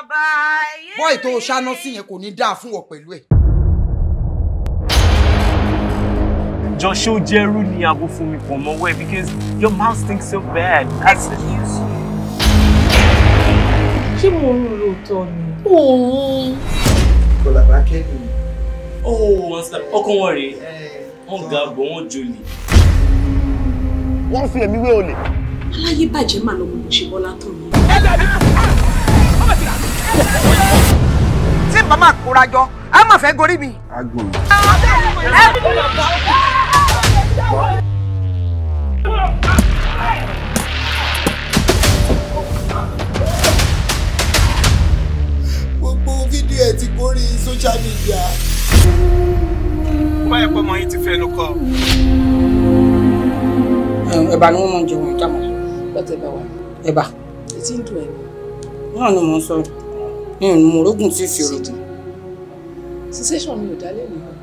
ọba ayé bọ́ ètò ṣáná sí yẹn kò ní dáa fún ọ pẹ̀lú ẹ̀. Joshua Jeru ni abo fún mi pọ̀ mọ́ wẹ́ because your mouth stinks so bad. Ṣé mo rún lóòótọ́ ni? Òun. Bọ̀dà bá kẹ́yìn. Ó wọ́n sá ọkọ wọn rèé. Wọ́n ga bọ̀ wọ́n jolè. Wọ́n fi èmi wé olè. Aláyé bàjẹ́ màá lọ́mọ mo ṣe bọ́lá tán ni. Ẹ bẹ̀rẹ̀ tí bá máa kóra jọ a máa fẹ́ gorí mi. agbọ̀n. gbogbo fídíò ẹ ti gorí sóṣà mídíà. báyọ̀ pọ̀ mọ́ yín ti fẹ́ ló kọ́. ẹ̀bà ni wọ́n mọ̀ jẹun ìjàmọ̀ lọ́tẹ̀ bá wa. ẹ̀bà. ètí ń dùn ẹ̀. náà ni mò ń sọ mo rógùn tí fi rògùn. sensation mi ò dálé mi o.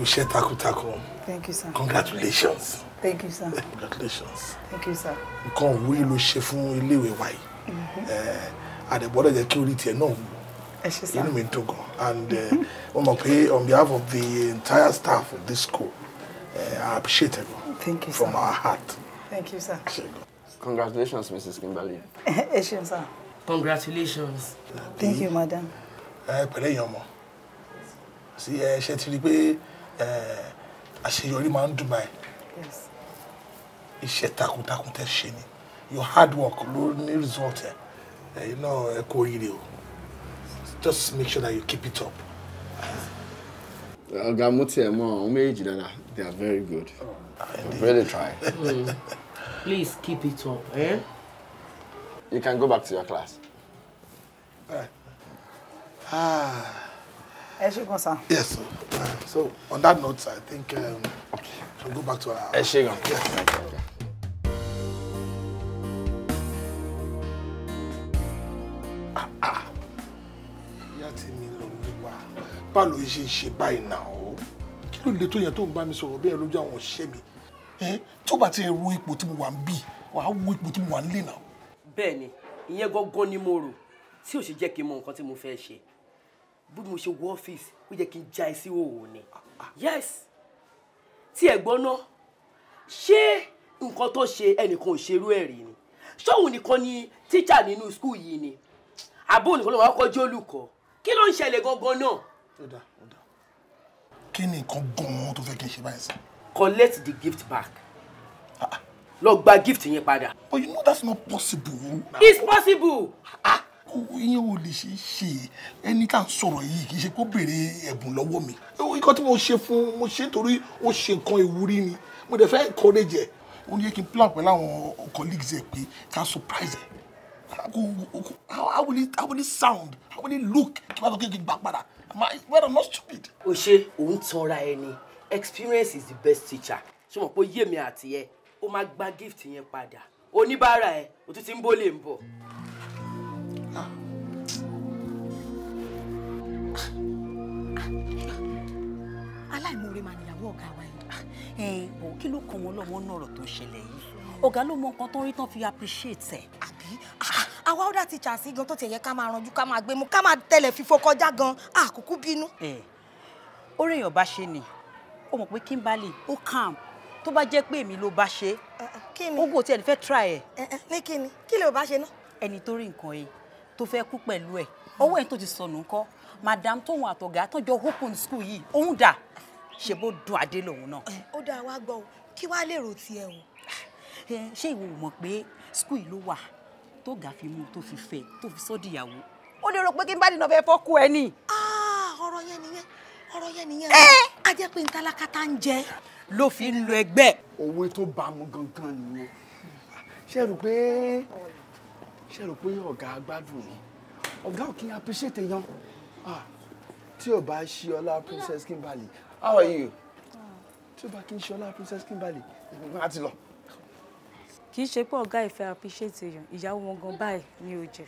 kú iṣẹ́ takuntakun. thank you sir. congratulations. thank you sir. congratulations. thank you sir. nǹkan òwúrí ló ṣe fún iléèwé wa yìí. Mm-hmm. Eh, àdẹ̀gbọ́dọ̀ jẹ́ kí orí tiẹ̀ náà wù. ẹ ṣe sá. inú mi ń gan and wọ́n eh, mm-hmm. mọ̀ pé on behalf of the entire staff of this school uh, I appreciate it. thank you sir. from our heart. thank you sir. congratulations Mrs. Kimberly. ẹ ṣeun sir. congratulations. thank you madam. ẹ pẹ̀lẹ́ yan ọmọ sí ẹ ṣe ti rí pé. Eh, àṣeyọrí máa ń dùn báyìí iṣẹ́ takuntakun tẹ́ ṣe ni your hard work ló ní result ẹ̀ ẹ̀yin náà ẹ kú oríire o just make sure that you keep it up. ọ̀gá mo tiẹ̀ mọ àwọn méjì dáadáa they are very good oh, really try. mm. please keep it up. Eh? you can go back to your class. Uh, ah yes so on that note i think um, okay. we'll go back to our. yes sir. bá ló ṣe ṣe báyìí náà o kí ló lè tó yẹn tó ń bá mi sọ̀rọ̀ bẹ́ẹ̀ lójú àwọn ọ̀ṣẹ́ mi tó bá ti ru ipò tí mo wà ń bì wàá wo ipò tí mo wà ń lè náà. bẹ́ẹ̀ ni ìyẹn gangan ni mo rò tí ò sì jẹ́ kí n mọ nǹkan mo fẹ́ ṣe bí mo ṣe wọ ọ́fíìsì ó jẹ́ kí n já ẹ òwò ni yes tí ẹ gbọ́ ná ṣé nǹkan tó ṣe ẹnìkan ò ṣerú ẹ̀ rí ni ṣóun nìkan ni tíṣà nínú skul yìí ni àbó nìkan ló wà kọjú olùkọ́ kí ló ń ṣẹlẹ̀ gangan náà. kí ni nǹkan gan-an tó fẹ́ kí n ṣe báyìí sí. collect the gift back ah, ah. lọ gba gift yẹn padà. but you know that's not possible. it's possible. Ah. ah ìyẹn ò lè ṣe ṣe ẹni tá à ń sọ̀rọ̀ yìí kì í ṣe kó béèrè ẹ̀bùn lọ́wọ́ mi. ikọ́ tí mo ṣe fún mo ṣe nítorí ó ṣe nǹkan ìwúrí ni mo dẹ̀ fẹ́ encourage ẹ̀ ó ní kí n plan pẹ̀lú àwọn colleagues ẹ̀ pé ká surprise ẹ̀ how will it sound how will it look kí wọ́n kí n gbà padà am I well I'm not stupid. o ṣe òun tanra ẹni experience is the best teacher ṣé mo pé yémi àti ẹ ó máa gba gift yẹn padà oníbàárà ẹ òtútù ń bọ́ lè ń bọ̀ aláìmoore mà nìyàwó ọ̀gá wa yìí bò kí ló kàn wọ́n lọ́wọ́ náà ọ̀rọ̀ tó ń ṣẹlẹ̀ yìí ọ̀gá ló mọ nǹkan tó ń rí tán fi appreciate ẹ̀. àbí ah, àwa ọ̀dà ti jà sí gan tó ti yẹ ká máa ranjú ká máa gbé mu ká máa tẹlẹ̀ fífo kọjá gan àkókò ah, bínú. ẹ orí èèyàn bá ṣe ni ó mọ̀ pé Kimberly ó calm tó bá jẹ́ pé èmi ló bá ṣe é ogun ò tiẹ̀ ní fẹ́ try ẹ̀. Eh, eh, ní kí ni kí lè ò bá ṣe náà. ẹni tó nǹkan yìí tó fẹ́ kú pẹ̀lú ẹ̀ owó ẹ̀ tó ti sọnù ńkọ́ madam tóun àtọ̀gá tọ́jọ́ open school yìí òun dà ṣe bó dùn adé lòun náà. ó dáa wá gbọ́ kí wàá lérò tiẹ̀ o. ṣé ìwọ ò mọ̀ pé school ló wà tó gà fi mú tó fi fẹ́ tó fi sọ́dìyàwó ó lè rò pé kí n bá dìnnà fẹ́ fọ́kù ẹ ni. ọ̀rọ̀ yẹn nìyẹn ọ̀rọ̀ yẹn nìyẹn a jẹ́ pé ntálákàtà ń jẹ. ló fi ń lo ẹgbẹ́. òwe tó bá mu gangan nìyẹn ṣe rò pé ṣe rò pé ọ̀gá gbádùn ni ọ̀gá ò kí appreciate yan tí ò bá ṣe ọlá princess Kimberly how are you tí ò bá kí n ṣe ọlá princess Kimberly ìgbìmọ̀ àti lọ. kì í ṣe pé ọ̀gá ìfẹ́ appreciate yan ìyàwó wọn gan báyìí ni ó jẹ.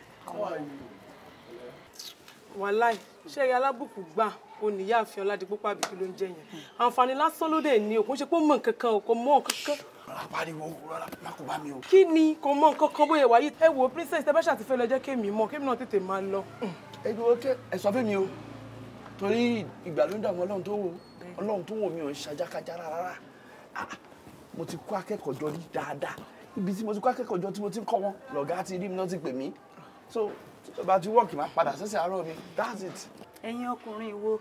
wàláì ṣé ẹ̀yà alábùkù gbà ó ní ìyá àfihàn ló ń jẹ yẹn àǹfààní lásán ló dé ní òkú ṣe pé ó mọ̀ kankan ò kò mọ̀ kankan apariwo rọra má kó bá mi o. kí ni kò mọ nǹkan kan bóyá wáyé ẹ wo princess tẹ bá ṣàti fẹ́ lọ jẹ́ kémi mọ kémi náà tètè máa lọ. Mm. ẹ dúró kẹ ẹ sọ fún mi o torí ìgbà ló ń dààmú ọlọ́run tó wò ọlọ́run tó wò mí ò ń ṣajákajá rárá ah, ah. mo ti kó akẹ́kọ̀ọ́ jọ rí dáadáa ibi tí mo ti kó akẹ́kọ̀ọ́ jọ tí mo ti ń kọ́ wọn lọ̀gá ti rí mi náà ti pè mí so bá ti wọ́ọ̀kì máa padà sẹ́sẹ̀ àárọ̀ mi that's it. ẹ̀yin ọkùnrin wo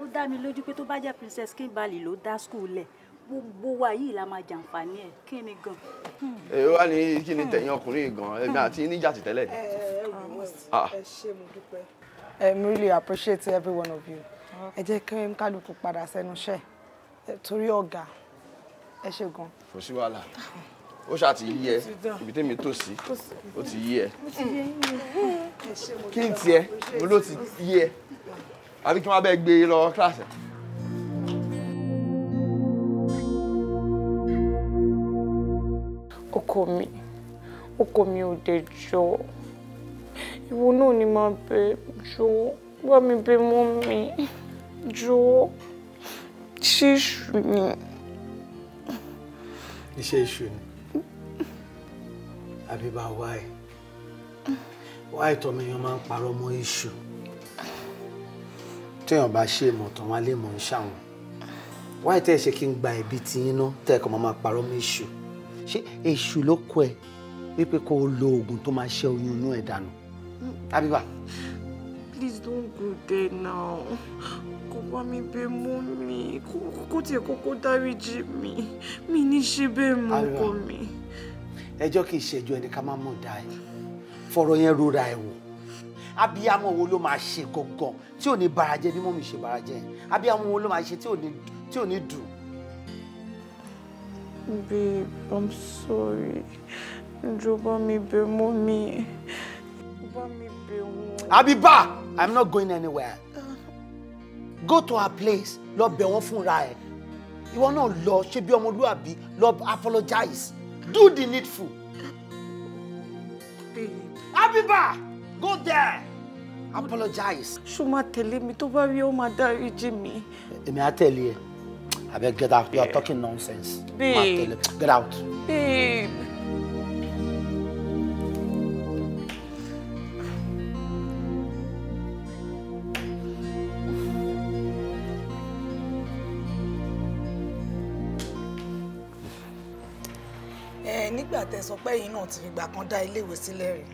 ó dá mi lójú pé tó bá jẹ́ princess Kimberly ló dá school lẹ̀ gbogbo wa yìí la máa jàǹfààní ẹ̀ kí ni gan. ẹ wá ní kí ni tẹ̀yìn ọkùnrin gan ẹ̀mí àti níjà ti tẹ́lẹ̀ ni. ẹ ah. Ah. ṣé mo dúpẹ́. Eh, I'm really appreciate every one of you ẹ jẹ́ kí kálukú padà sẹ́nu iṣẹ́ eh, torí ọ̀gá ẹ ṣé gan. kò sí wàhálà ó ṣáà ti yí ẹ ibi tẹ́mi tó sí ó ti yí ẹ kí n tiẹ̀ mo ló ti yí ẹ àbí kí wọ́n bẹ́ẹ̀ gbé e lọ kíláàsì. ọkọ mi ọkọ mi ò dé jọ ìwọ náà ni máa bẹ jọ bá mi bẹ mọ́ mi jọ ṣé ni. iṣẹ́ èṣù ni àbí bá wá ẹ̀ wá ìtọ́mọ èèyàn máa ń parọ́ mọ́ èṣù téèyàn bá ṣe ìmọ̀tàn wá lè mọ̀ ń ṣàwọn wá ìtẹ́ ẹ̀ ṣe kí n gba ẹ̀bí tiyín ná tẹ́ẹ̀kọ́ máa parọ́ mọ́ èṣù ṣé èṣù ló kọ ẹ wípé kó o lo oògùn tó máa ṣe oyún inú ẹ dànù Abiba. please don't go there now kò bá mi bẹ mú mi kó tiẹ̀ kókó dáríjì mi mi ní ṣe bẹ́ẹ̀ mú ọkọ mi. ẹjọ́ kì í ṣẹjọ́ ẹni ká má mọ̀ dá ẹ fọ̀rọ̀ yẹn rora ẹ wò abiyamọ wo ló máa ṣe gangan tí ò ní barajẹ ní mọ́mí ṣe barajẹ abiyamọ wo ló máa ṣe tí ò ní dùn Babe, I'm sorry. Jọ̀ọ́ mi be mommy. Jọ̀ọ́ bá mi bẹ̀ wọ́n. Abiba, I'm not going anywhere. Go to her place. Lord be Lọ bẹ̀ wọ́n fúnra ẹ̀. Lord she be ṣe bí abi. Lord apologize. Do the needful. Babe. Abiba, go there. Apologize. Shuma máa tẹ̀lé mi tó bá rí ó máa dáríjì mi. Èmi á tẹ̀lé I beg get out. You're talking nonsense. Babe. Get out. Babe. nígbà oh, sọ pé ẹ̀yin náà ti fìgbà kan dá iléèwé sílẹ̀ rí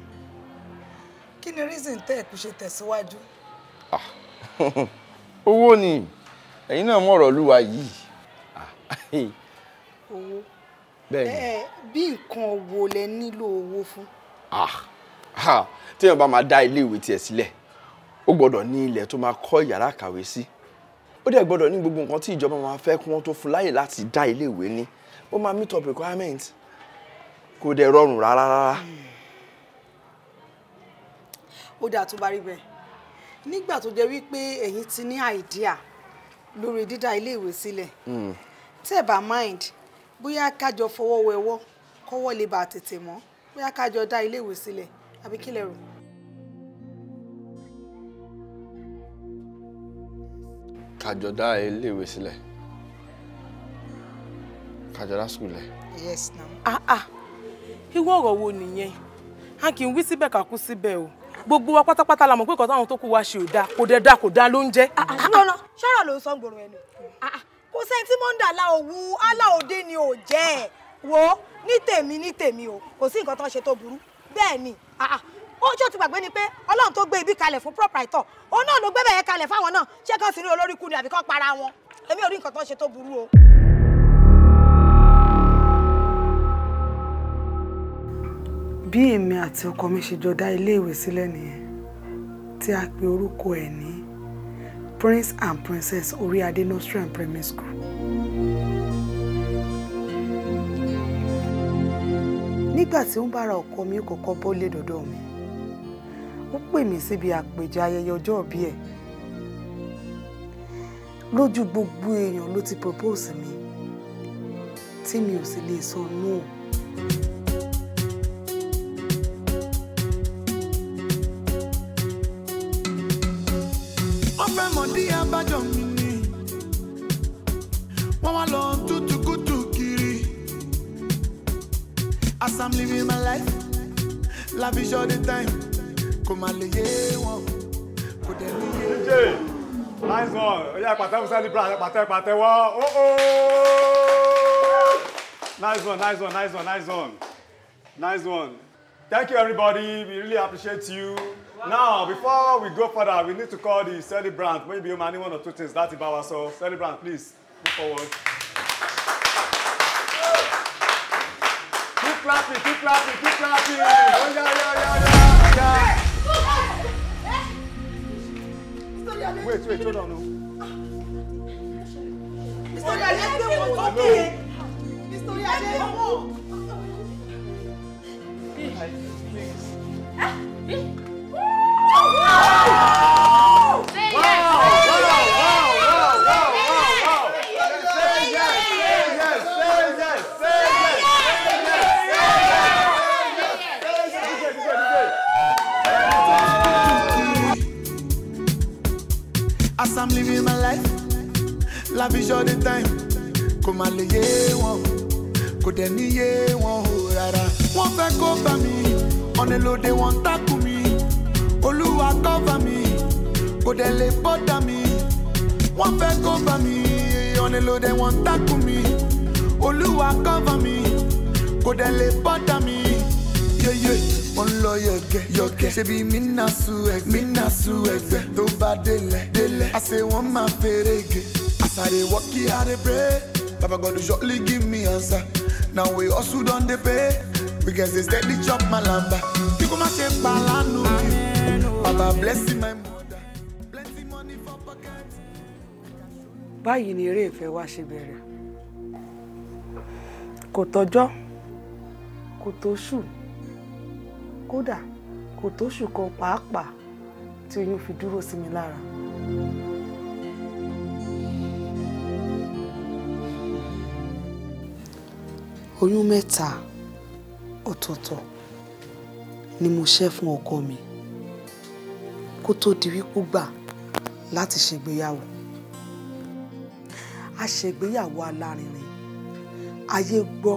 kí ni reason tẹ ẹ kò ṣe tẹ̀síwájú. Ah, owó ni ẹ̀yin náà mọ̀rọ̀ lúwa yìí owó bẹ́ẹ̀ eh, bí nǹkan wo lẹ nílò owó fún. Ah, téèyàn bá máa dá iléèwé tiẹ̀ sílẹ̀ ó gbọ́dọ̀ ní ilẹ̀ tó máa kọ́ yàrá kàwé sí ó dẹ̀ gbọ́dọ̀ ní gbogbo nǹkan tí ìjọba máa fẹ́ kí wọ́n tó fún láyè láti dá iléèwé ní ó máa meet up requirement kò dẹ̀ rọrùn rárá rárá. ó dáa tó bá rí bẹ́ẹ̀ nígbà tó jẹ́ wípé ẹ̀yin ti ní àìdíà lórí dídá iléèwé sílẹ̀. Mm tẹ́ ẹ̀ bá mind bóyá kájọ fọwọ́ wẹwọ́ kọ́wọ́ lè bá tètè mọ́ bóyá kájọ dá iléèwé sílẹ̀ àbí kí lẹ rò. kájọ dá iléèwé sílẹ̀ kájọ dá sùkúl lẹ̀. yes na. ah ah irú ọ̀rọ̀ wo nìyẹn a kì í wí síbẹ̀ ká kú síbẹ̀ o gbogbo wa pátápátá la mọ̀ pé nǹkan táwọn tó kù wá ṣe ò dáa kò dẹ̀ dáa kò dáa ló ah, ah. Ah, ṣọ́rọ̀ ló ń sọ gbòòrò ẹnu kò sẹ́ni tí mọ́ndà la òwú aláòde ni ò jẹ́ ẹ̀ wò ó ní tèmi ní tèmi o kò sí nǹkan tó ń ṣe tó burú bẹ́ẹ̀ ni ọjọ́ ti gbàgbé ni pé ọlọ́run tó gbé ibi kalẹ̀ fún proprietor òun náà ló gbé bẹ̀yẹ kalẹ̀ fáwọn náà ṣé kàn sí ní olórí kú ni àbí kàn para wọn èmi ò rí nǹkan tó ń ṣe tó burú o. bí èmi àti ọkọ mi ṣe jọ dá iléèwé sílẹ̀ nìyẹn tí a pe orúkọ ẹ̀ ní Prince and Princess Oriade Nostrum Primary School. Nígbà tí ó ń bára ọkọ mi kọ́kọ́ bọ́lé dọ̀dọ̀ mi, ó pè mí síbi àpèjẹ ayẹyẹ ọjọ́ ìbí ẹ̀. Lójú gbogbo èèyàn ló ti propose mi tí mi ò sì lè sọ no. lọ́jọ́ mi ni wọ́n wá lọ tútù kútù kiri. As I'm living my life, life is short in time, kò má lè yé wọn, kò dẹ̀ ní yé. DJ, nice one, oya pàtẹ́wọ́ celebrate pàtẹ́ pàtẹ́wọ́, oh oh! Nice one, nice one, nice one, nice one, nice one. Thank you everybody, we really appreciate you. Now, before we go further, we need to call the celebrant. Maybe you might need one or two things. That's about us. So, celebrant, please, move forward. keep clapping, keep clapping, keep clapping. Oh, yeah, yeah, yeah, yeah. yeah. Wait, wait, hold on. No. Mr. Adé wọ́n talking. Mr. Adé wọ́n. la vision the time kò má lè yé wọn kò dẹ̀ ní yé wọn o rárá. wọ́n fẹ́ kó bá mi ọ̀nà lòdì wọ́n takùn mi olúwa cover mi kò dẹ̀ lè bọ́dà mi wọ́n fẹ́ kó bá mi ọ̀nà lòdì wọ́n takùn mi olúwa cover mi kò dẹ̀ lè bọ́dà mi yeye mo ń lọ yọ̀gẹ̀ yọ̀gẹ̀ ṣebí mi na su ẹgbẹ́ mi na su ẹgbẹ́ tó bá délẹ̀ délẹ̀ àṣẹ wọn máa fèrè gẹ̀. I dey work here, I dey pray. Papa God will surely give me answer. Now we also don dey pay because they steady chop my lamba. You go my shape balanu. Papa bless my mother. Plenty money for pocket. Báyìí ni eré ìfẹ́ wa ṣe bẹ̀rẹ̀. Kò tọ́jọ́, kò tóṣù, kódà kò tóṣù kan pàápàá tí oyún fi dúró sí mi lára. oyún mẹ́ta ọ̀tọ̀ọ̀tọ̀ ni mo ṣẹ́ fún ọkọ mi kó tó di wípé gbà láti ṣègbéyàwó a ṣègbéyàwó alárinrin ayé gbọ́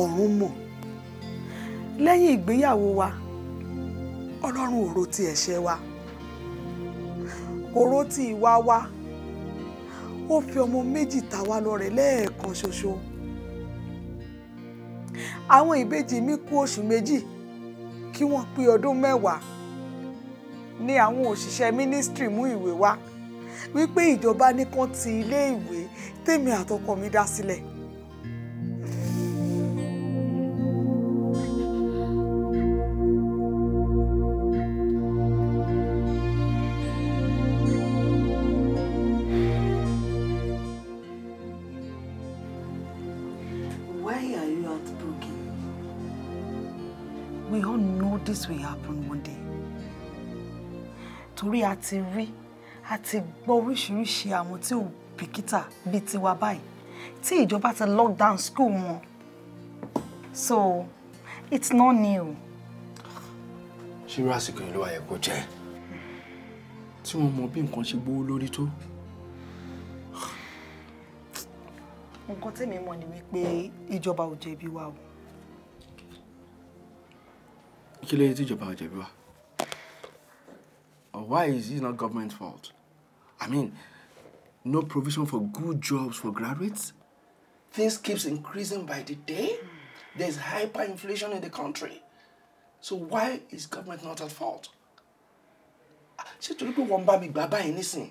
ọ̀run mọ̀ lẹ́yìn ìgbéyàwó wa ọlọ́run ò ro ti ẹ̀ṣẹ̀ wa kò ro ti ìwà wa ó fi ọmọ méjì ta wá lọ́rẹ lẹ́ẹ̀kan ṣoṣo àwọn ìbejì mi kú oṣù méjì kí wọ́n pé ọdún mẹ́wàá ni àwọn òṣìṣẹ́ mínísítírì mú ìwé wá wípé ìjọba ní kán ti iléèwé tèmi àtọkọ mi dá sílẹ̀ a ti rí a ti gbọ́ oríṣiríṣi àwọn tí ò bìkítà bíi tiwa báyìí tí ìjọba ti lock down school wọn so it's not new. ṣírò àsìkò ìlú àyẹ̀kọ́ jẹ́ tí wọ́n mọ bí nǹkan ṣe gbówó lórí tó. nǹkan tèmi mọ̀ ni wípé ìjọba ò jẹ̀bi wa o. kí ló yẹ tí ìjọba ò jẹ̀bi wa why is it not government fault? I mean, no provision for good jobs for graduates? Things keeps increasing by the day. There's hyperinflation in the country. So why is government not at fault? ṣé torí pé wọ́n bá mi gbà báyìí nísìn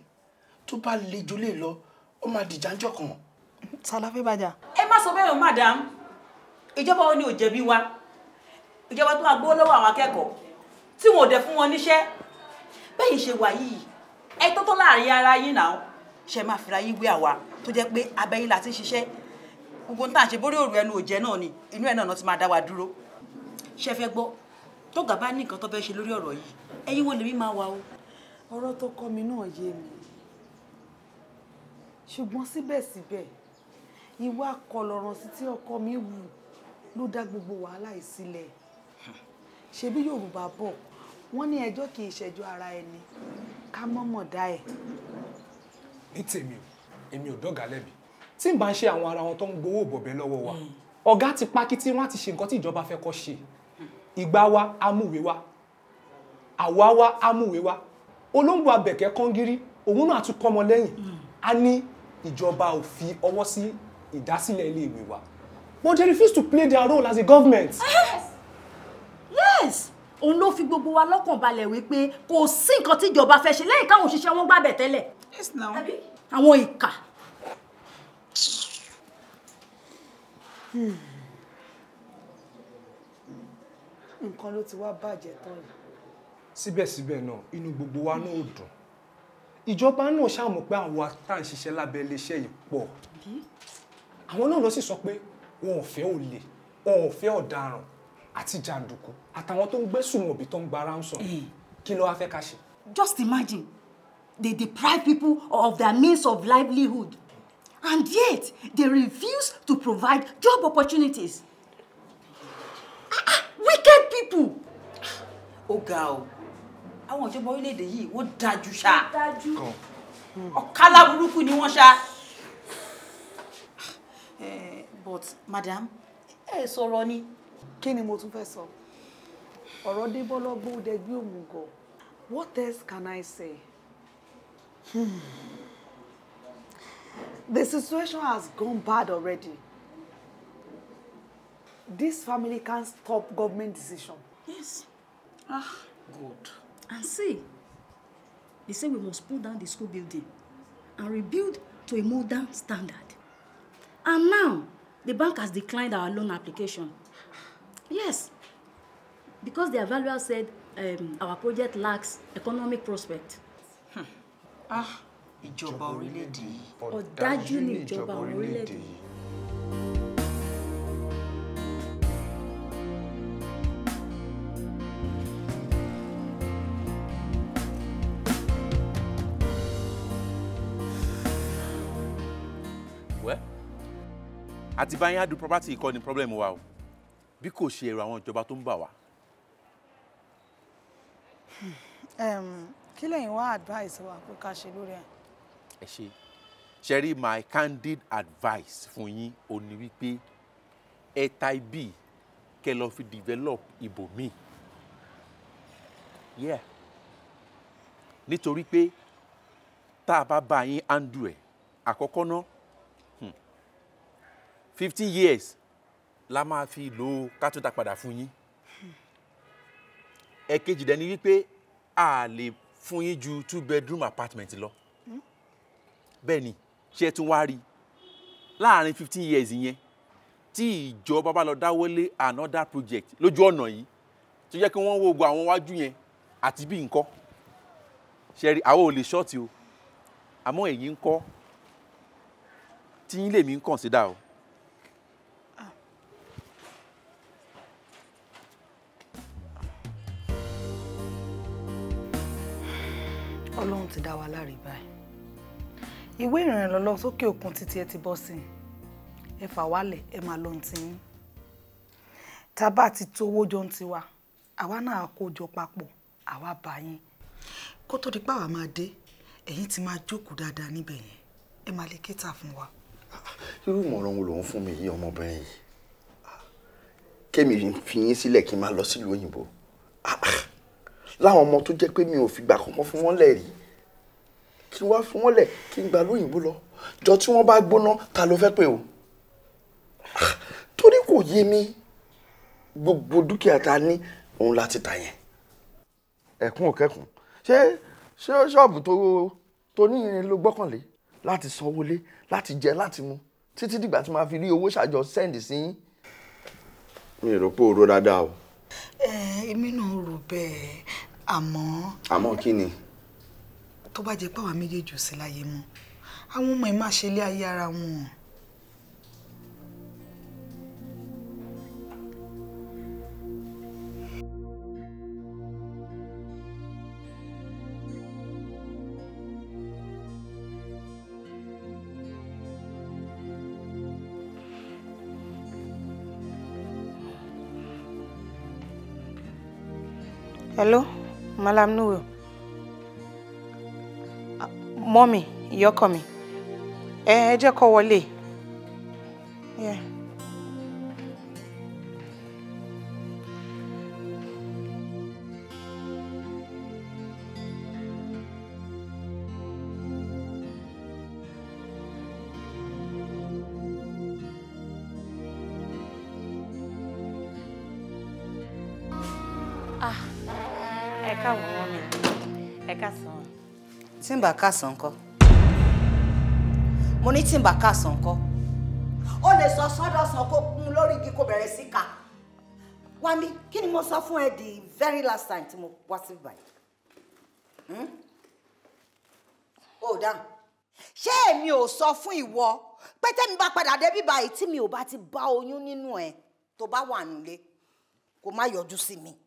tó bá le jù lè lọ ó máa dìjà ń jọkàn. sàlàfé bàjá. ẹ má sọ bẹ́ẹ̀ o madam ìjọba wo ni ò jẹ̀bi wa ìjọba tó máa gbówó lọ́wọ́ àwọn akẹ́kọ̀ọ́ tí wọn ò dẹ̀ fún bẹ́ẹ̀ ṣe wà yìí ẹ tọ́tọ́ láàrin ara yín náà ṣe máa fira yín wé àwa tó jẹ́ pé abẹ́yìn la ti ń ṣiṣẹ́ gbogbo tá à ń ṣe bórí òru ẹnu òjẹ́ náà ni inú ẹ̀ náà ti máa dá wa dúró ṣe fẹ́ gbọ́ tọ́gà bá ní nǹkan tó fẹ́ ṣe lórí ọ̀rọ̀ yìí ẹ̀yin wo lèmi máa wà o. ọ̀rọ̀ tó kọ́ mi náà yé mi ṣùgbọ́n síbẹ̀síbẹ̀ ìwà kọlọ̀rọ̀ sí tí ọkọ mi wù ló dá gbogbo wàhálà yìí sílẹ̀ ṣebí Yorùbá bọ̀ wọ́n ní ẹjọ́ kì í ṣẹjọ́ ara ẹni ká mọ́mọ́ dá ẹ̀. ní tèmi o èmi ò dọ́gà lẹ́bi tí n bá ń ṣe àwọn ara wọn tó ń gbowó bọ̀bẹ́ lọ́wọ́ wa hmm. ọ̀gá ti pakítí wọn ti ṣe nǹkan tí ìjọba fẹ́ kó ṣe ìgbà wa amúwe wa àwa wa amúwe wa olóńgbò abẹ̀kẹ́ kọ́ngírí òun náà tún kọ́mọ lẹ́yìn hmm. a ní ìjọba ò fi ọwọ́ sí ìdásílẹ̀ ilé ìwé wa but they refuse to play their role as a government. yes yes òun ló fi gbogbo wa lọ́kàn balẹ̀ wípé kò sí nǹkan tí ìjọba fẹ́ ṣe lẹ́yìn káwọn òṣìṣẹ́ wọn gbàbẹ̀ tẹ́lẹ̀ àwọn ìkà. Hmm. nǹkan ló ti wá bàjẹ́ tán yìí. síbẹ̀síbẹ̀ náà inú gbogbo wa náà ò dùn ìjọba náà ṣàmọ̀ pé àwọn tá lábẹ́ iléeṣẹ́ yìí pọ̀ àwọn náà ló sì sọ pé wọn ò fẹ́ olè wọn ò fẹ́ ọ̀daràn àti jàǹdùkú àtàwọn tó ń gbé sùmọ̀bí tó ń gba ransom eh. kí ló wá fẹ́ ká ṣe. just imagine they deprive people of their means of livelihood and yet they refuse to provide job opportunities. ah ah wicked people. ó ga o àwọn ìjọba orílẹ̀-èdè yìí wọ́n dájú ṣá hmm. ọ̀kálá burúkú ni wọ́n ṣá. Eh, but madam ẹ sọ̀rọ̀ ni kí ni mo tún fẹ́ sọ ọ̀rọ̀ dé bọ́lọ́gbó dẹgbé òmùgọ̀ what else can I say? Hmm. The situation has gone bad already. This family can't stop government decision. Yes. Ah. Good. And see, they say we must pull down the school building and rebuild to a modern standard. And now, the bank has declined our loan application. Yes, because the evaluator said um, our project lacks economic prospect. Hmm. Ah, ìjọba orílẹ̀-èdè yìí. Ọ̀dájú ni ìjọba orílẹ̀-èdè yìí. àti báyìí á du property ìkọ́ni problem wa o bí kò ṣe ẹ̀rù àwọn ìjọba tó ń bà wá. Hmm, kí lẹ́yìn wá advice wa kó ká ṣe lórí ẹ̀. ẹ ṣe ṣe rí my candid advice fún yín ò ní wípé ẹ ta ibi kẹ lọ fi develop ibòmíì yeah. nítorí pé tá a bá bá yín handle ẹ̀ àkọ́kọ́ náà hmm, fifteen years la máa fi lò ó ká tó padà fún yín hmm. ẹ̀kejì dẹ̀ wípé a lè fún yín ju two bedroom apartment lọ hmm. bẹ́ẹ̀ ni ṣé tún wá rí láàrin fifteen years yẹn tí ìjọba bá lọ dáwọ́lé another project lójú ọ̀nà yìí tó jẹ́ kí wọ́n wo gbogbo àwọn wájú yẹn àti bí nǹkan ṣe rí àwọn ò lè ṣọ́ọ̀tì o àmọ́ èyí ń kọ́ tí yín lèmi ń consider o. ọlọ́run ti dá wa láre báyìí ìwé ìrìnà lọ sókè òkun títí ẹ ti bọ́ sí i ẹ fà wálẹ̀ ẹ máa lọ ti yín tá a bá ti tó owó jọ ń tiwa àwa náà kó jọ papọ̀ àwa bá yín kó tó di páwa máa dé ẹ̀yin ti máa jókòó dáadáa níbẹ̀ yẹn ẹ máa lè kéta fún wa. irú ìmọ̀ràn wo lòun fún mi yìí ọmọbìnrin yìí kémi fi yín sílẹ̀ kí n máa lọ sílùú òyìnbó láwọn ọmọ tó jẹ́ pé mi ò fìgbà kankan fún wọn lẹ̀ rí kí wá fún wọn lẹ̀ kí n gbà lóyìnbó lọ jọ tí wọ́n bá gbóná ta ló fẹ́ pè o ah, torí kò yé mi gbogbo dúkìá ta ní òun láti ta yẹn. ẹ̀kún ò kẹ́kùn ṣé ṣé ṣọ́ọ̀bù tó tó ní irin ló gbọ́kànlé láti sanwó lé láti jẹ láti mu títí dìgbà tí màá fi rí owó ṣàjọ sẹ́ǹdì sí yín. mi ò rò pé o ro dáadáa o. ẹ èmi náà rò bẹ́ẹ̀ àmọ́. àmọ́ kí ni. tó bá jẹ́ pé àwa méjèèjì ò sí láyé mọ́ àwọn ọmọ ẹ̀ máa ṣe ilé ayé ara wọn. Hello? Malam Nuru. Mọ́mì, ìyọ́kọ̀ mi. Ẹ just call Wale. Yeah. ń bá kásán nko. mo ní tí ń bá kásán kọ́ ó lè sọ sọ́dọ̀sán kó kún lórí igi kó bẹ̀rẹ̀ sí kà wá mi kí mo sọ fún ẹ the very last time tí mo wá sí báyìí ó hmm? dáhùn ṣé èmi ò sọ fún ìwọ pé tẹ́mi bá padà dé bí báyìí tí mi ò bá ti ba oyún nínú ẹ tó bá wà nílé kó má yọjú sí mi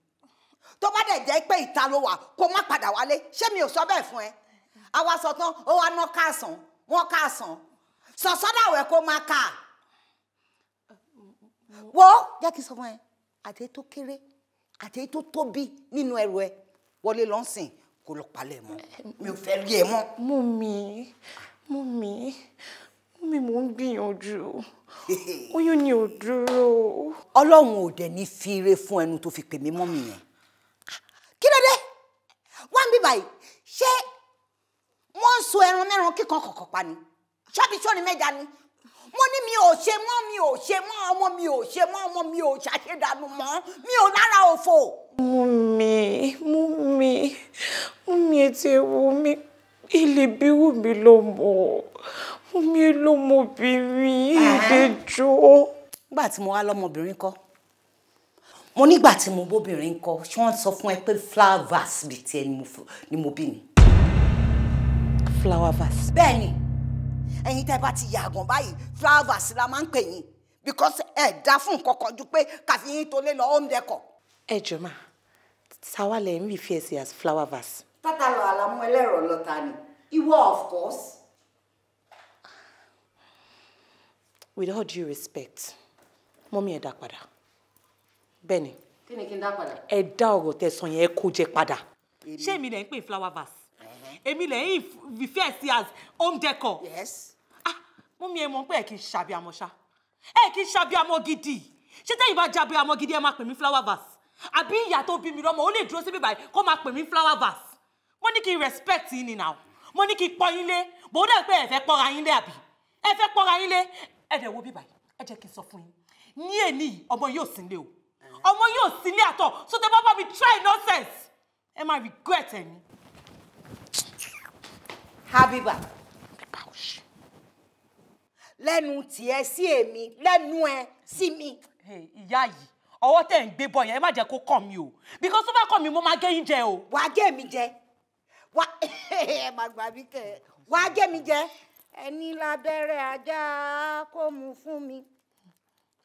tó bá dẹ̀ jẹ́ pé ìta ló wà kó má padà wálé ṣé mi ò sọ bẹ́ẹ̀ fún ẹ àwa sọ tán ó wá ná kásán wọn kásán sọ̀sọ́dàwẹ̀ kó máa kà wo jẹ́ kí n sọ fún ẹ àtẹ tó kéré àtẹ tó tóbi nínú ẹrù ẹ wọlé lọ́sìn kó lọ palẹ̀ mọ́ mi ò fẹ́ rí ẹ mọ́. mú mi mú mi mú mi mò ń gbìyànjú oyún ni ò dúró. ọlọ́run ò dẹ̀ ní fiire fún ẹnu tó fi pè mí mọ́ mi yẹn kí ló dé wá ń bí báyìí ṣé wọ́n ń so ẹran mẹ́ran kíkan kọ̀kọ̀ pa ni ṣọ́bi ṣọ́ni mẹ́ja ni mo ní mi ò ṣe mọ́ mi ò ṣe mọ́ ọmọ mi ò ṣe mọ́ ọmọ mi ò ṣàṣedànù mọ́ mi ò lára òfò. Mummy Mummy Mummy etí ewu mi ilé bí wù mí ló mọ Mummy lọmọbìnrin ìdẹjọ. nígbà tí mo wá lọmọbìnrin kọ́ mo nígbà tí mo bóbìnrin kọ́ ṣé wọ́n sọ fún ẹ pé flowers bíi tiẹ̀ ni mo bí ni flower vase. bẹ́ẹ̀ni ẹ̀yin tẹ́ bá ti yàgàn báyìí flower vase la máa ń pè yín because ẹ dá fún nǹkan kan ju pé kàfi yín tó lé lọ home decor. ẹ jọ ma sáwa lẹ ń refer sí as flower vase. tata lọ àlàmú ẹlẹ́rọ lọ́ta ni ìwọ of course. with all due respect mọ́mí ẹ dá padà bẹ́ẹ̀ ni. kí ni kí n dá padà. ẹ dá ọ̀rọ̀ tẹ̀sán yẹn kó jẹ padà. ṣé èmi lẹ ń pè flower vase èmi lẹ́yìn refer sí as home decor. yes. ah mummy ẹ mọ̀ pé ẹ kì í ṣàbíamọ ṣá ẹ kì í ṣàbíamọ gidi ṣé tẹ́yìn bá jábíamọ gidi ẹ máa pè mí flower vase àbí ìyá tó bí mi lọ́mọ ó lè dúró síbí báyìí kó máa pè mí flower vase mo ní kí n respect yín ni now mo ní kí n pọ yín lé bòó dẹ̀ pé ẹ fẹ́ pọ́ra yín lé àbí ẹ fẹ́ pọ́ra yín lé ẹ dẹ̀ wo bí báyìí ẹ jẹ́ kí n sọ fún yín ní èní ọmọ yóò sí ilé o mm. ọmọ yóò sí ilé àtọ̀ so tẹ bá bá mi try nonsense ẹ máa regret ẹ ní. Habiba lẹ́nu tiẹ̀ sí èmi lẹ́nu ẹ sí mi. ìyá yìí ọwọ́ tẹ̀ ń gbé bọ̀ yẹn ẹ má jẹ́ kó kàn mí o because tó bá kàn mí mo máa gé yín jẹ o. wà á gé mi jẹ wà ẹ má gbà mí kẹ wà á gé mi jẹ ẹni lábẹ́rẹ́ ajá kó mu fún mi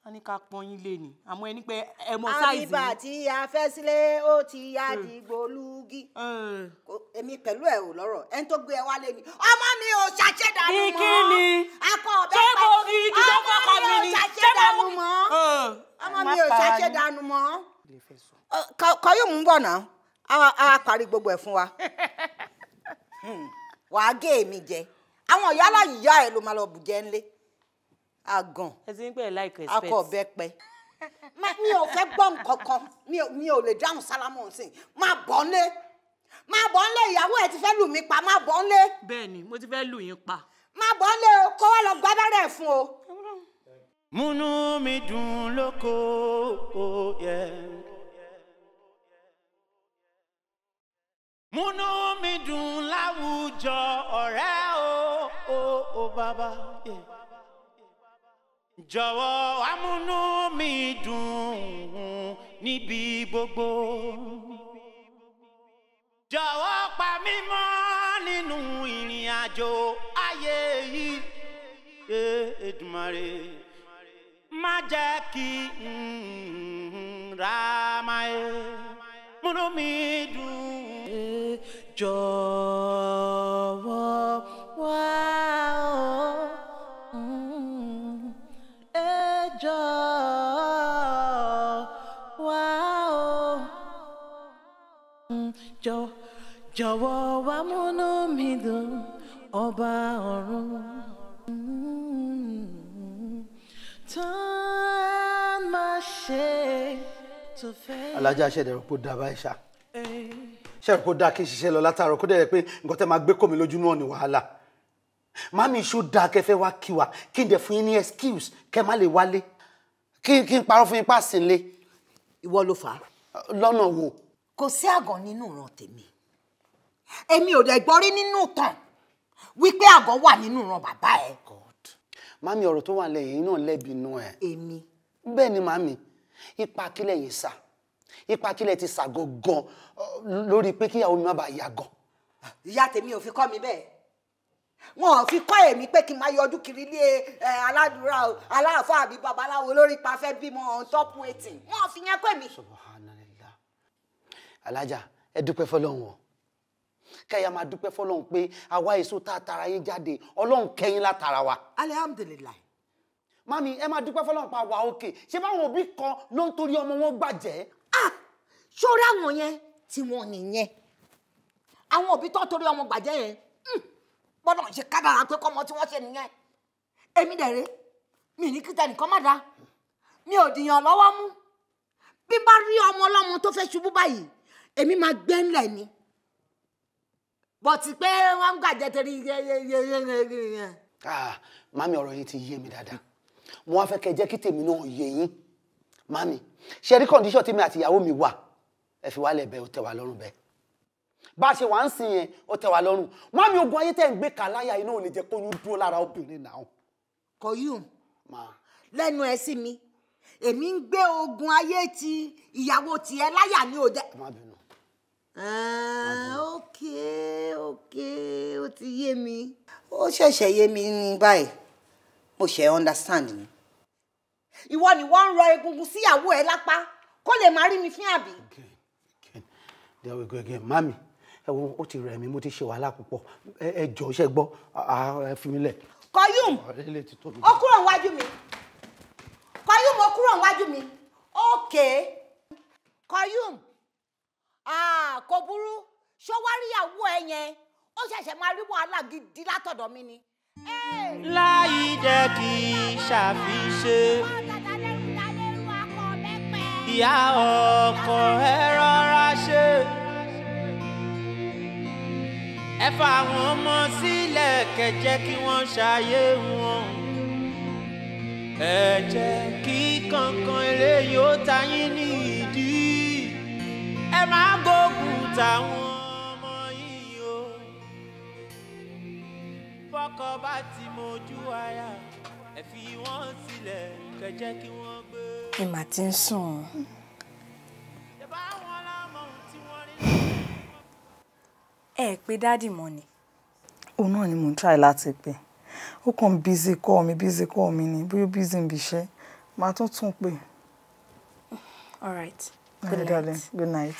a ní ká pọ́n yín lé ni àmọ́ ẹni pé ẹ mọ sáìzì. àbíbà tí a fẹ́ sílé ó ti ya hmm. di gbólúgì. Hmm. èmi pẹ̀lú ẹ ò lọ́rọ̀ ẹni tó gbé ẹ wá lé ni ọmọ mi ò ṣàṣẹ̀dànù mọ́. kí ni akọ ọbẹ̀ pa hmm. ọmọ mi ò ṣàṣẹ̀dànù mọ́. ọmọ mi ò ṣàṣẹ̀dànù mọ́. kọyọ̀ mú bọ̀ náà a parí gbogbo ẹ̀ fún wa wàá gé èmi jẹ àwọn ìyá aláyìí yá ẹ ló máa lọ bùjẹ́ ńlé àgàn akọ̀bẹ́pẹ mi ò fẹ́ gbọ́ nǹkan kan mi ò lè dáhùn sálámù ọ̀sìn máa bọ́ lé máa bọ́ lé ìyàwó ẹ̀ ti fẹ́ lù mí pa máa bọ́ lé. bẹ́ẹ̀ni mo ti fẹ́ lù yín pa. máa bọ́ lé o kó wá lọ gbábẹ́rẹ́ fún o. múnú mi dùn lóko o yẹ. múnú mi dùn láwùjọ ọ̀rẹ́ o o o Yeah jọ̀wọ́ amúnú mi dùn níbi gbogbo jọ̀wọ́ pa mí mọ́ nínú ìrìn àjò ayé yìí Èdùmàrè má jẹ́ kí n ra máa múnú mi dùn jọ̀ọ́. jọ jọ̀wọ́ wá múnú mi dùn ọba ọ̀run. tán máa ṣe tó fẹ́. alájà ṣẹ̀dẹ̀rọ̀ kó dá báyìí ṣá ṣẹ̀rù kó dá kí n ṣiṣẹ́ lọ látàárọ̀ kó dẹ̀ pé nǹkan tẹ́ máa gbé kò mí lójú náà ní wàhálà mami ṣó dáa kẹfẹ́ wá kí wa kí n dẹ̀ fún yín ní excuse kẹ má lè wálé kí n parọ́ fún yín pàṣẹ ńlẹ̀. ìwọ ló fà á. lọ́nà wo kò sí àgàn nínú ìran tèmi èmi ò dẹ̀ gbọ́ rí nínú ìtàn wípé àgàn wà nínú ìran bàbá ẹ. mami ọ̀rọ̀ tó wà lẹ́yìn iná lẹ́bi inú ẹ̀. èmi. bẹ́ẹ̀ ni mami ipa kílẹ̀ yìí sà ipa kílẹ̀ ti sà gangan lórí pé kíyàwó mi má bàa yà gan. ìyá tèmi ò fi kọ́ mi bẹ́ẹ̀ wọn ò fi kọ́ èmi pé kí n máa yọjú kiri ilé aládùúrà aláàfáà àbí babaláwo lórí pa fẹ́ bímọ on top waiting wọn ò fi yẹn pè mí alájà ẹ dúpẹ́ fọlọ́run o kẹ́yà máa dúpẹ́ fọlọ́run pé àwa èso tá a tara yín jáde ọlọ́run kẹ́yìn látara wa. alihamudulilayi. mami ẹ máa dúpẹ́ fọlọ́run pa wà òkè ṣé báwọn òbí kan ló ń torí ọmọ wọn gbàjẹ́. ah ṣọ́ra àwọn yẹn tí wọ́n nìyẹn àwọn òbí tó ń torí ọmọ gbàjẹ́ yẹn hmm, bọ́dọ̀ ṣe kádàrá pé kọ́mọ tí wọ́n ṣe nìyẹn èmi dẹ̀rẹ́ mi ní kíta nìkan má dáa mi ò dìyàn lọ́wọ́ mú bí bá rí ọmọ ọlọ́mọ tó fẹ́ ṣubú báyìí èmi máa gbẹ́ ńlẹ̀ ni bọ̀tí pé wọ́n ń gbàjẹ́ torí yẹyẹyẹyẹyẹ. Ah, mami ọ̀rọ̀ yìí ti yé mi dáadáa mo wá fẹ́ kẹ́ jẹ́ kí tèmi náà yé yín mami ṣe rí kọ́ndíṣọ̀ tí mi àti ìyàwó mi wà ẹ fi wálẹ̀ bẹ́ẹ̀ ó tẹ̀ wá lọ́rùn bẹ́ẹ̀ bá a ṣe wà ń sìn yẹn ó tẹ̀ wá lọ́rùn mami ogun ayé tẹ̀ ń gbé kàláyà iná ò lè jẹ́ kóyún dúró lára obìnrin náà. kò yùn lẹ́nu sí mi èmi ń gbé ogun ayé ti ìyàwó tiẹ̀ láyà ní òde. má Ah, ok ok ó ti yé mi. ó ṣẹ̀ṣẹ̀ yé mi ní báyìí mo ṣe understand ni. ìwọ ni wọ́n ń rọ egungun síyàwó ẹ lápá kó lè má rí mi fín àbí. there we go again mami ẹ wo ó ti rẹ̀ mí mo ti ṣe wàhálà púpọ̀ ẹ jọ ṣe gbọ́ ẹ fi mi lẹ̀. Koyum ó kúrò mi Koyum ó kúrò níwájú mi ókè Koyum. Okay. Ah, kò burú ṣó wá rí ìyàwó ẹ yẹn ó ṣẹ̀ṣẹ̀ máa rí wàhálà gidi látọ̀dọ̀ mi ni. láì jẹ́ kí ṣàfiṣe ìyá ọkọ ẹ rọra ṣe ẹ fàwọn ọmọ sílẹ̀ kẹjẹ́ kí wọ́n ṣàyé wọn ẹ jẹ́ kí kankan eré yóò ta yín nìyí má gbógun táwọn ọmọ yìí o fọkọ bá ti mojú aya ẹ fi wọn sílẹ̀ kẹjẹ kí wọn gbé. ẹ mà ti ń sùn. ẹ pé dádì mọ ni. òun náà ni mò ń try láti pè ó kàn bízí kọ́ mi bízí kọ́ mi ni bóyá bízí ń bìṣẹ́ màá tún tún pè. all right. Good night. Darling. Good night.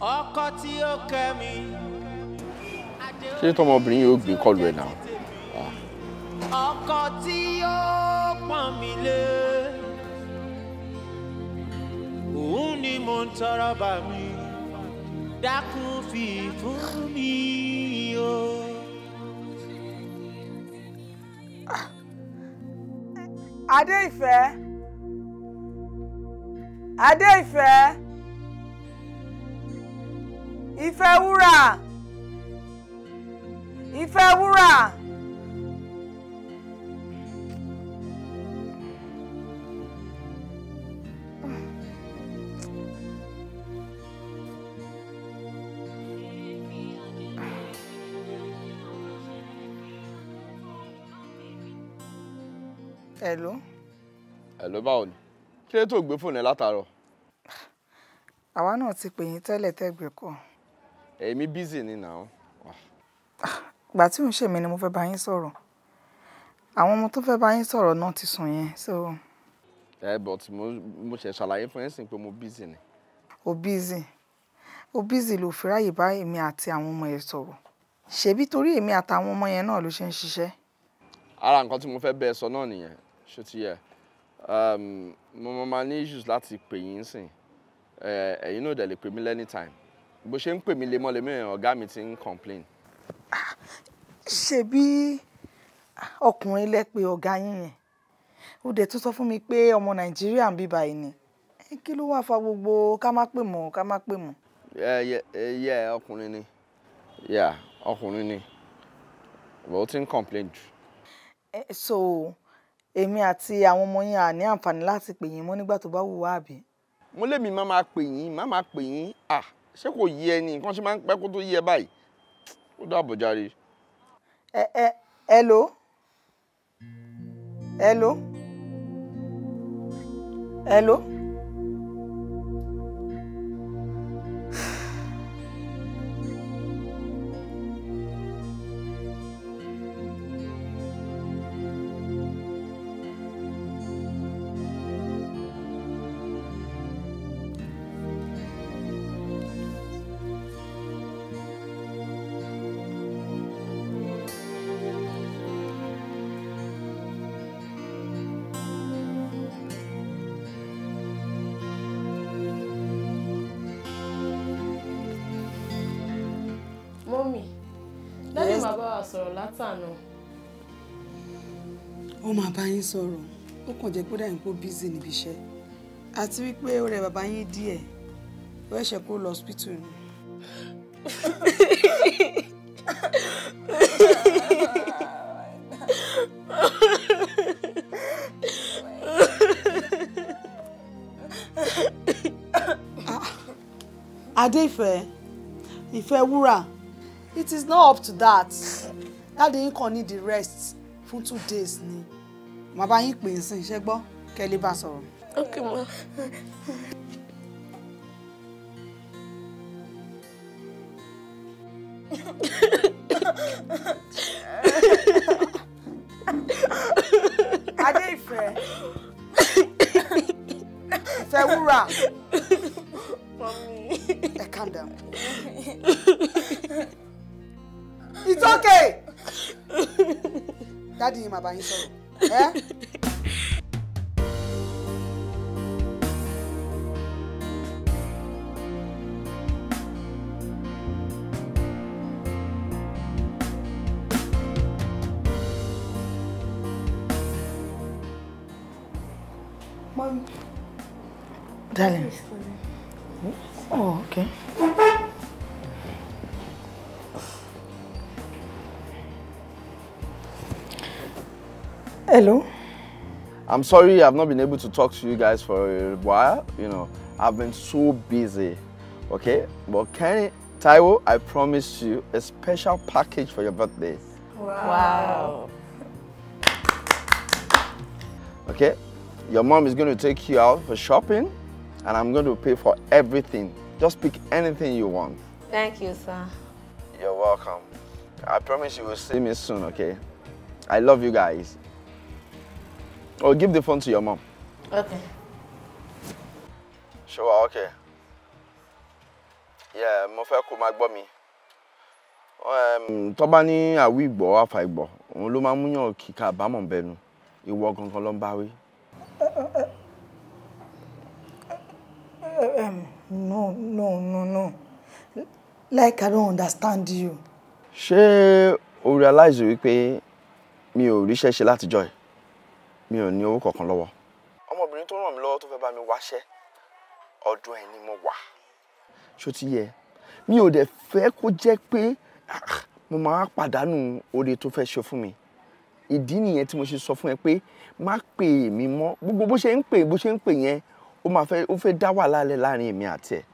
ọkọ tí ó kẹ́ mi. ṣé tọmọbìnrin yóò gbé kọlu ẹ náà. ọkọ tí ó pọ́n mi lé òun ni mo ń tọrọ bá mi dákun fi fún mi o. Adé ìfẹ́ Adé ìfẹ́ ìfẹ́ wúrà ìfẹ́ wúrà. Hello. Hello báwo ni? Kí ló tó gbé fóònù ẹ látàárọ̀? Àwa náà ti pè yín tẹ́lẹ̀ tẹ́gbẹ̀ẹ́ kọ́ èmi busy ni now. Ah. ìgbà tí òun ṣe mí ni mo fẹ́ bá yín sọ̀rọ̀ àwọn ọmọ tó fẹ́ bá yín sọ̀rọ̀ náà ti sùn yẹn so. ẹ eh, but mo mo ṣe ṣàlàyé fún yín sìn pé mo busy ni. o busy o busy ló fi ráàyè bá èmi àti àwọn ọmọ yẹn sọ̀rọ̀ ṣebí torí èmi àtàwọn ọmọ yẹn náà ló ṣe ń ṣiṣẹ́. ara nǹkan tí mo fẹ́ bẹ́ẹ̀ sọ náà nìyẹn ṣó ti yẹ ehm, mo máa ní issues láti pè yín sìn eh, ẹ̀yin you dẹ̀ lè pè mí lẹ́nìtime bó ṣe ń pè mí lemọ́lemọ́ yẹn ọ̀gá mi ti ń complain. Ah, ṣebí ah, ọkùnrin lẹ pé ọ̀gá yín yẹn ó dẹ̀ tún sọ fún mi pé ọmọ nàìjíríà ń bí báyìí ni kí ló wàá fa gbogbo ká má pè mọ́ ká má pè mọ́. yẹ ọkùnrin ni yà ọkùnrin ni ó ti ń complain jù. so èmi àti àwọn ọmọ yín à ní àǹfààní láti pè yín mọ́ nígbà tó bá wù wá àbí. mo lè mi má máa pè yín má máa pè yín ah ṣé kò yí ẹni nǹkan ṣe máa ń pẹ́ kó tó yí ẹ báyìí ó dàbọ̀ jàre. ẹ ẹ ẹ ló ẹ ló ẹ ló. yín sọ̀rọ̀ ó kàn jẹ́ pé ó dà bízì níbi iṣẹ́ àti wípé ó rẹ bàbá yín díẹ̀ ó ẹ̀ṣẹ̀ kó lọ hospital ni. Ah, Adéfẹ́, Ìfẹ́wúrà, it is not up to that. Daddy yín kàn need the rest fún two days ni màá bá yín pè é sìn ṣé gbọ́ kẹ́ ẹ lè bá ma. adé ìfẹ́ ìfẹ́ wúrà. Mommy. Hey, calm down. It's okay. Daddy, ma bá yín sọ̀rọ̀. É? Mami. Dale. Hello? I'm sorry I've not been able to talk to you guys for a while. You know, I've been so busy, okay? But Kenny, Taiwo, I promise you a special package for your birthday. Wow. wow. Okay? Your mom is going to take you out for shopping and I'm going to pay for everything. Just pick anything you want. Thank you, sir. You're welcome. I promise you will see me soon, okay? I love you guys. Or oh, give the phone to your mom. Okay. Sure, okay. Yeah, mo fẹ́ kó máa gbọ́ mi. Um, tó bá ní àwí ìgbọ́ àfà ìgbọ́, òun ló máa ń múyàn kíkà àbámọ̀ bẹnu. Ìwọ gangan ló ń bá wí. Um, no, no, no, no. Like I don't understand you. She o realize wípé mi ò ríṣẹ́ ṣe látijọ́ joy mi ò ní owó kankan lọ́wọ́. ọmọbìnrin tó ràn mí lọ́wọ́ tó fẹ́ bá mi wáṣẹ́ ọdún ẹ̀ ni mo wà. ṣó ti yẹ mi ò dẹ̀ fẹ́ kó jẹ́ pé ah, mo máa pàdánù oore tó fẹ́ ṣe fún mi ìdí nìyẹn tí mo ṣe sọ fún ẹ pé má pè mí mọ́ gbogbo bó ṣe ń pè bó ṣe ń pè yẹn ó máa fẹ́ ó fẹ́ dá wàhálà lẹ̀ láàrin èmi àti ẹ̀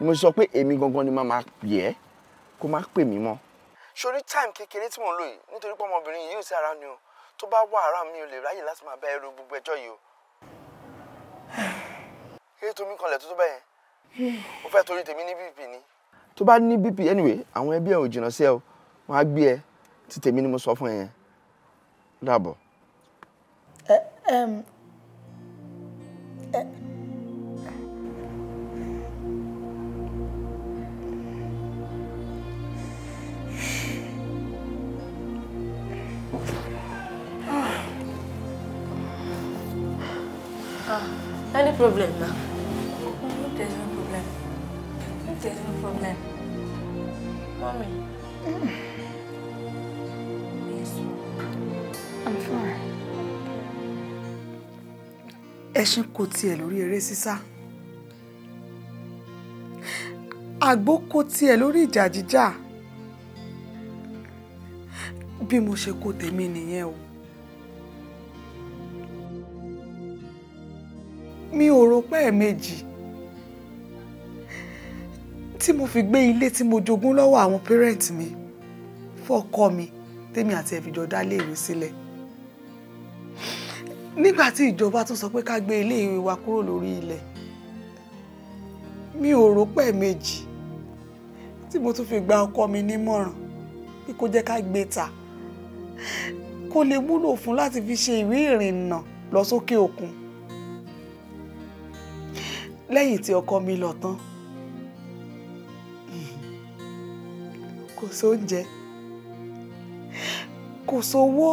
ni mo sọ pé èmi gangan ni màá pè ẹ́ kó má pè mí mọ́. sori time kékeré tí mò ń lò yìí nítorí pé ọmọbìnrin yìí yóò sí ara ni o tó bá wà ara mi ò lè ráyè láti máa bá ẹrù gbogbo ẹjọ́ yìí o. eré tó mi kanlẹ̀ tó tó bẹ́ẹ̀ yẹn fẹ́ torí tèmi ní bp ni. tó bá ní bp anyway àwọn ẹbí ẹ ò jìnnà sí ẹ o wọn á gbé ẹ tí tèmi ni mo sọ fún ẹ yẹn dàbọ̀. ẹ ẹ Any problem now? there's no problem. There's no problem. Mommy. I'm fine. Ẹṣin kò tiẹ̀ lórí eré sísá. Àgbò kò tiẹ̀ lórí ìjà jíjà. Bí mo ṣe kó tèmi nìyẹn o. mi ò rò pé ẹ̀ẹ̀mejì tí mo fi gbé ilé tí mo jogún lọ́wọ́ àwọn pẹ́rẹ́ǹtì mi fọ́kọ mi tèmi àti ẹ̀fìjọ dá léèwé sílẹ̀ nígbà tí ìjọba tún sọ pé ká gbé iléèwé wa kúrò lórí ilẹ̀ mi ò rò pé ẹ̀ẹ̀mejì tí mo tún fi gba ọkọ mi nímọ̀ràn bí kò jẹ́ ká gbé ta kó lè múlò fún láti fi ṣe ìwé ìrìnnà lọ sókè òkun lẹ́yìn tí ọkọ mi lọ tán kò sóúnjẹ kò sówó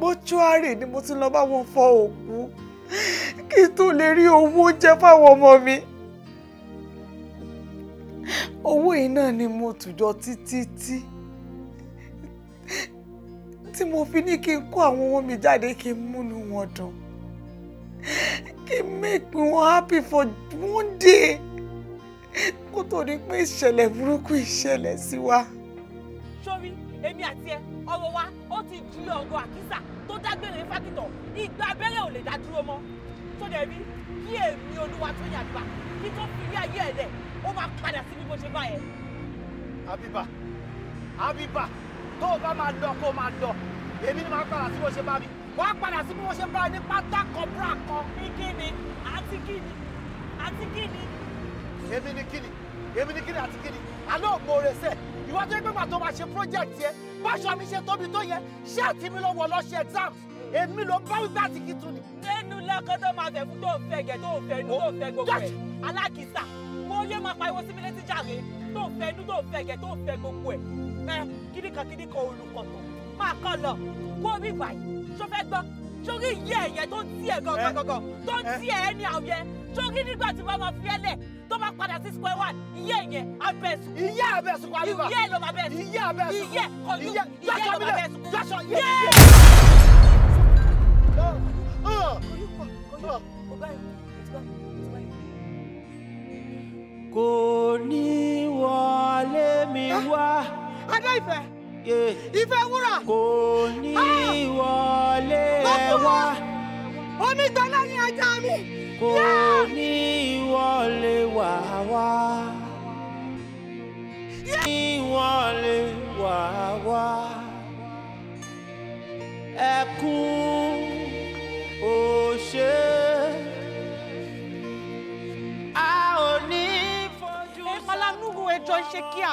mọ́ṣúárì ni mo ti lọ bá wọn fọ òkú kí n tó lè rí owó oúnjẹ fáwọn ọmọ mi owó yìí náà ni mo tùjọ títí tí tí mo fi ní kí n kó àwọn ọmọ mi jáde kí n múnú wọn dùn kí make me happy for one day kó tó ní pé ìṣẹ̀lẹ̀ burúkú ìṣẹ̀lẹ̀ sí wa. sori èmi àti ẹ ọ̀rọ̀ wa ó ti di ọ̀rọ̀ àkísà tó dágbére fákìtọ̀ ìgbà abẹ́rẹ́ ò lè dá dúró mọ́ tó dẹ̀ bí kí èmi olúwa tó yàgbà kí tó fi ilé ayé ẹ̀ lẹ̀ ó máa padà sí bí mo ṣe bá yẹn. Abiba Abiba tó o bá máa lọ kó o máa lọ èmi ni màá padà sí bó ṣe bá mi wọ́n á padà sí bí wọ́n ṣe bá ní pátá kọ̀bùrà kan. ní kíni àti kíni àti kíni. èmi ni kíni èmi ni kíni àti kíni àná òmòore sẹ ìwọ tó ń gbégbà máa ṣe project yẹ báṣọ mi ṣe tóbi tó yẹ ṣé àti mi ló wọ lọ ṣe exams èmi ló bá wípé àti kìtù ni. lẹ́nu lọ́kàn tó máa fẹ́ fún tó fẹ́ gẹ̀ tó fẹ́ inú tó fẹ́ gbogbo ẹ̀ alákìsà wọ́n yé máa pariwo sí mi létí jàre tó fẹ́ inú tó fẹ́ gẹ̀ tó fẹ́ gbogbo ẹ̀ ẹ kíníkan kíníkan olùkọ̀tọ̀ máa kọ́ lọ wọ́n mi báyìí ṣó fẹ́ gbọ́ sórí iye ẹ̀yẹ tó ń tí ẹ̀ gangan tó ń tí ẹ̀ ní àwọ̀ yẹn sórí nígbà tí wọ́n máa fi ẹ́ lẹ̀ tó máa padà sí square one iye yẹn abẹ́sùn. iye abẹ́sùn wà lóba iye ló máa bẹ́sùn iye abẹ́sùn iye kọlu iye ló máa bẹ́sùn. jọ́sọ̀ iye. kò ní wọlé mi ah, wá. adáìfẹ́ ìfẹ́ wúrà. kò ní ah! wọlé ẹ wá. omi tán lẹ́yìn ajá mi. kò ní wọlé wà wá. ní wọlé wà wá. ẹkún ò a ò ní fojú sọ. ẹ kọ́lá nùgùn ṣe kíá.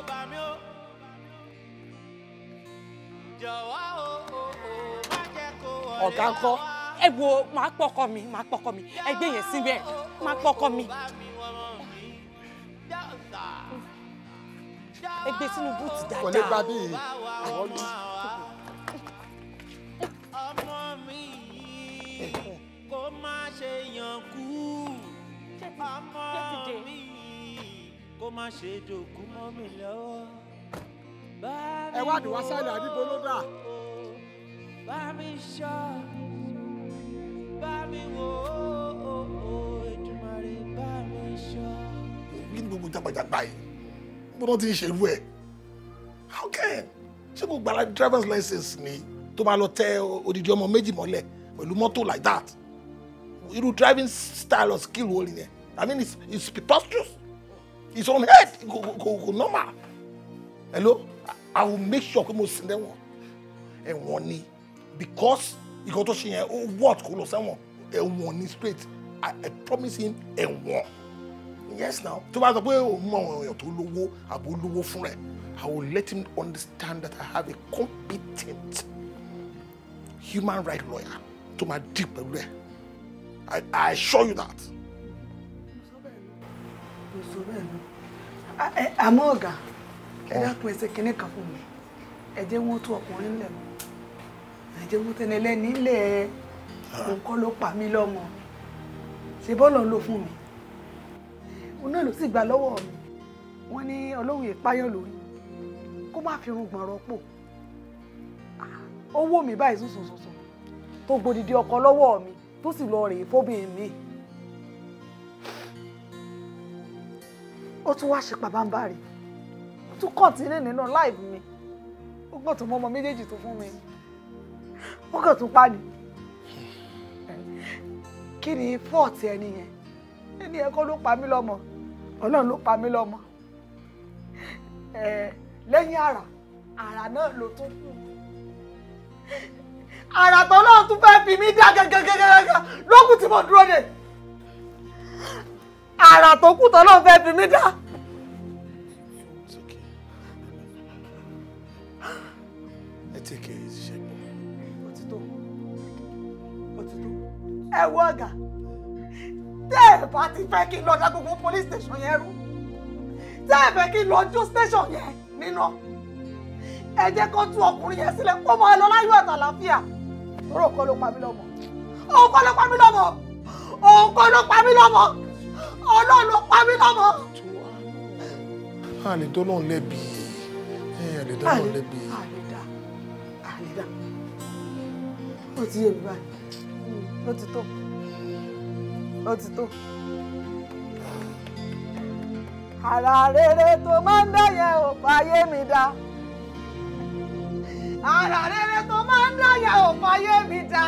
ọ̀gá ńkọ́ ẹ wo màá pọkọ mi màá pọkọ mi ẹ gbé yẹn síbẹ̀ màá pọkọ mi ẹ gbé sínú búùtù dáadáa. kò ní bá bí àwọn lù. ọmọ mi yìí kó má ṣe yàn kú ọmọ mi yìí kó má ṣe dògún mọ́ mi lọ́wọ́ ẹ wá dùn wá sálẹ̀ àdìbò ló dà. bá mi ṣọ́ bá mi wò ó Èdùmàrè bá mi ṣọ́. èmi ni gbogbo jagbajagba yìí mo ti ń ṣerú ẹ how can ṣé mo gbàlá driver's license ni tó máa lọ tẹ odidi ọmọ méjì mọ́lẹ̀ pẹ̀lú mọ́tò like that irú driving style or skill wo nìyẹn i mean it's it's preposterous it's unheard kò kò kò normal hello. I will make sure pé mo sin lẹ́wọ̀n ẹ̀wọ̀n ni because ìkan tó ṣe yẹn ó wọ́ọ̀t kó lọ sẹ́wọ̀n ẹ̀wọ̀n ni straight I, I promise him ẹ̀wọ̀n yes now tó bá sọ pé òun mọ àwọn èèyàn tó lówó àbò lówó fún rẹ̀ I will let him understand that I have a competent human rights lawyer To my deep pẹ̀lú ẹ̀ I, I assure you that. àmọ́ ọ̀gá ẹ dákun ẹsẹ kínní kan fún mi ẹ jẹ́ wọ́n tún ọkùnrin ńlẹ̀ mọ́ ẹ jẹ́ wọ́n tẹ́ni lẹ́ni ńlẹ̀ nǹkan ló pa mí lọ́mọ ṣe bọ́ọ̀lù ló fún mi òun náà ló sì gbà lọ́wọ́ mi wọ́n ní ọlọ́run ìpáyọ̀ lórí kó má fi irun gbọ̀n rọ́pò owó mi báyìí sùn sùn sùn tó gbòdìdì ọkọ lọ́wọ́ mi tó sì lọ rèé fóbìnrin mi. ó tún wá ṣe pàbámbá rèé tún kọ̀tínú nínú láìpẹ́ mi ó gbọ́n tó mọ ọmọ méjèèjì tó fún mi ó kàn tún pa ni kí ni fọ́ọ̀tì ẹni yẹn ẹni yẹn kọ́ ló pa mí lọ́mọ ọlọ́run ló pa mí lọ́mọ lẹ́yìn àrà àrà náà ló tún kù àrà tọ́lọ́run tún fẹ́ fi mí dá gẹ́gẹ́gẹ́gẹ́ lókùn tí mo dúró dè àrà tó kù tọ́lọ́run fẹ́ fi mí dá. take it easy ṣẹ́gun. ó ti tó ó ti tó ẹ wọ ọ̀gá tẹ́ ẹ bá ti fẹ́ police station yẹn rú tẹ́ Not fẹ́ kí n lọ jó station yẹn níná ẹ jẹ́ kó tú ọkùnrin yẹn sílẹ̀ kó máa lọ láyọ̀ àtàlàfíà torí òkò ló pa mí lọ́mọ òkò ló pa mí lọ́mọ òkò ló pa mí lọ́mọ ọlọ́run ló pa mí lọ́mọ. a lè dọ́lọ́run lẹ́bi a lè ó ti yé mi báyìí hmm, ó ti tó ó ti tó. àrà rere tó máa ń dá yẹn ò fàyè mi dá àrà rere tó máa ń dá yẹn ò fàyè mi dá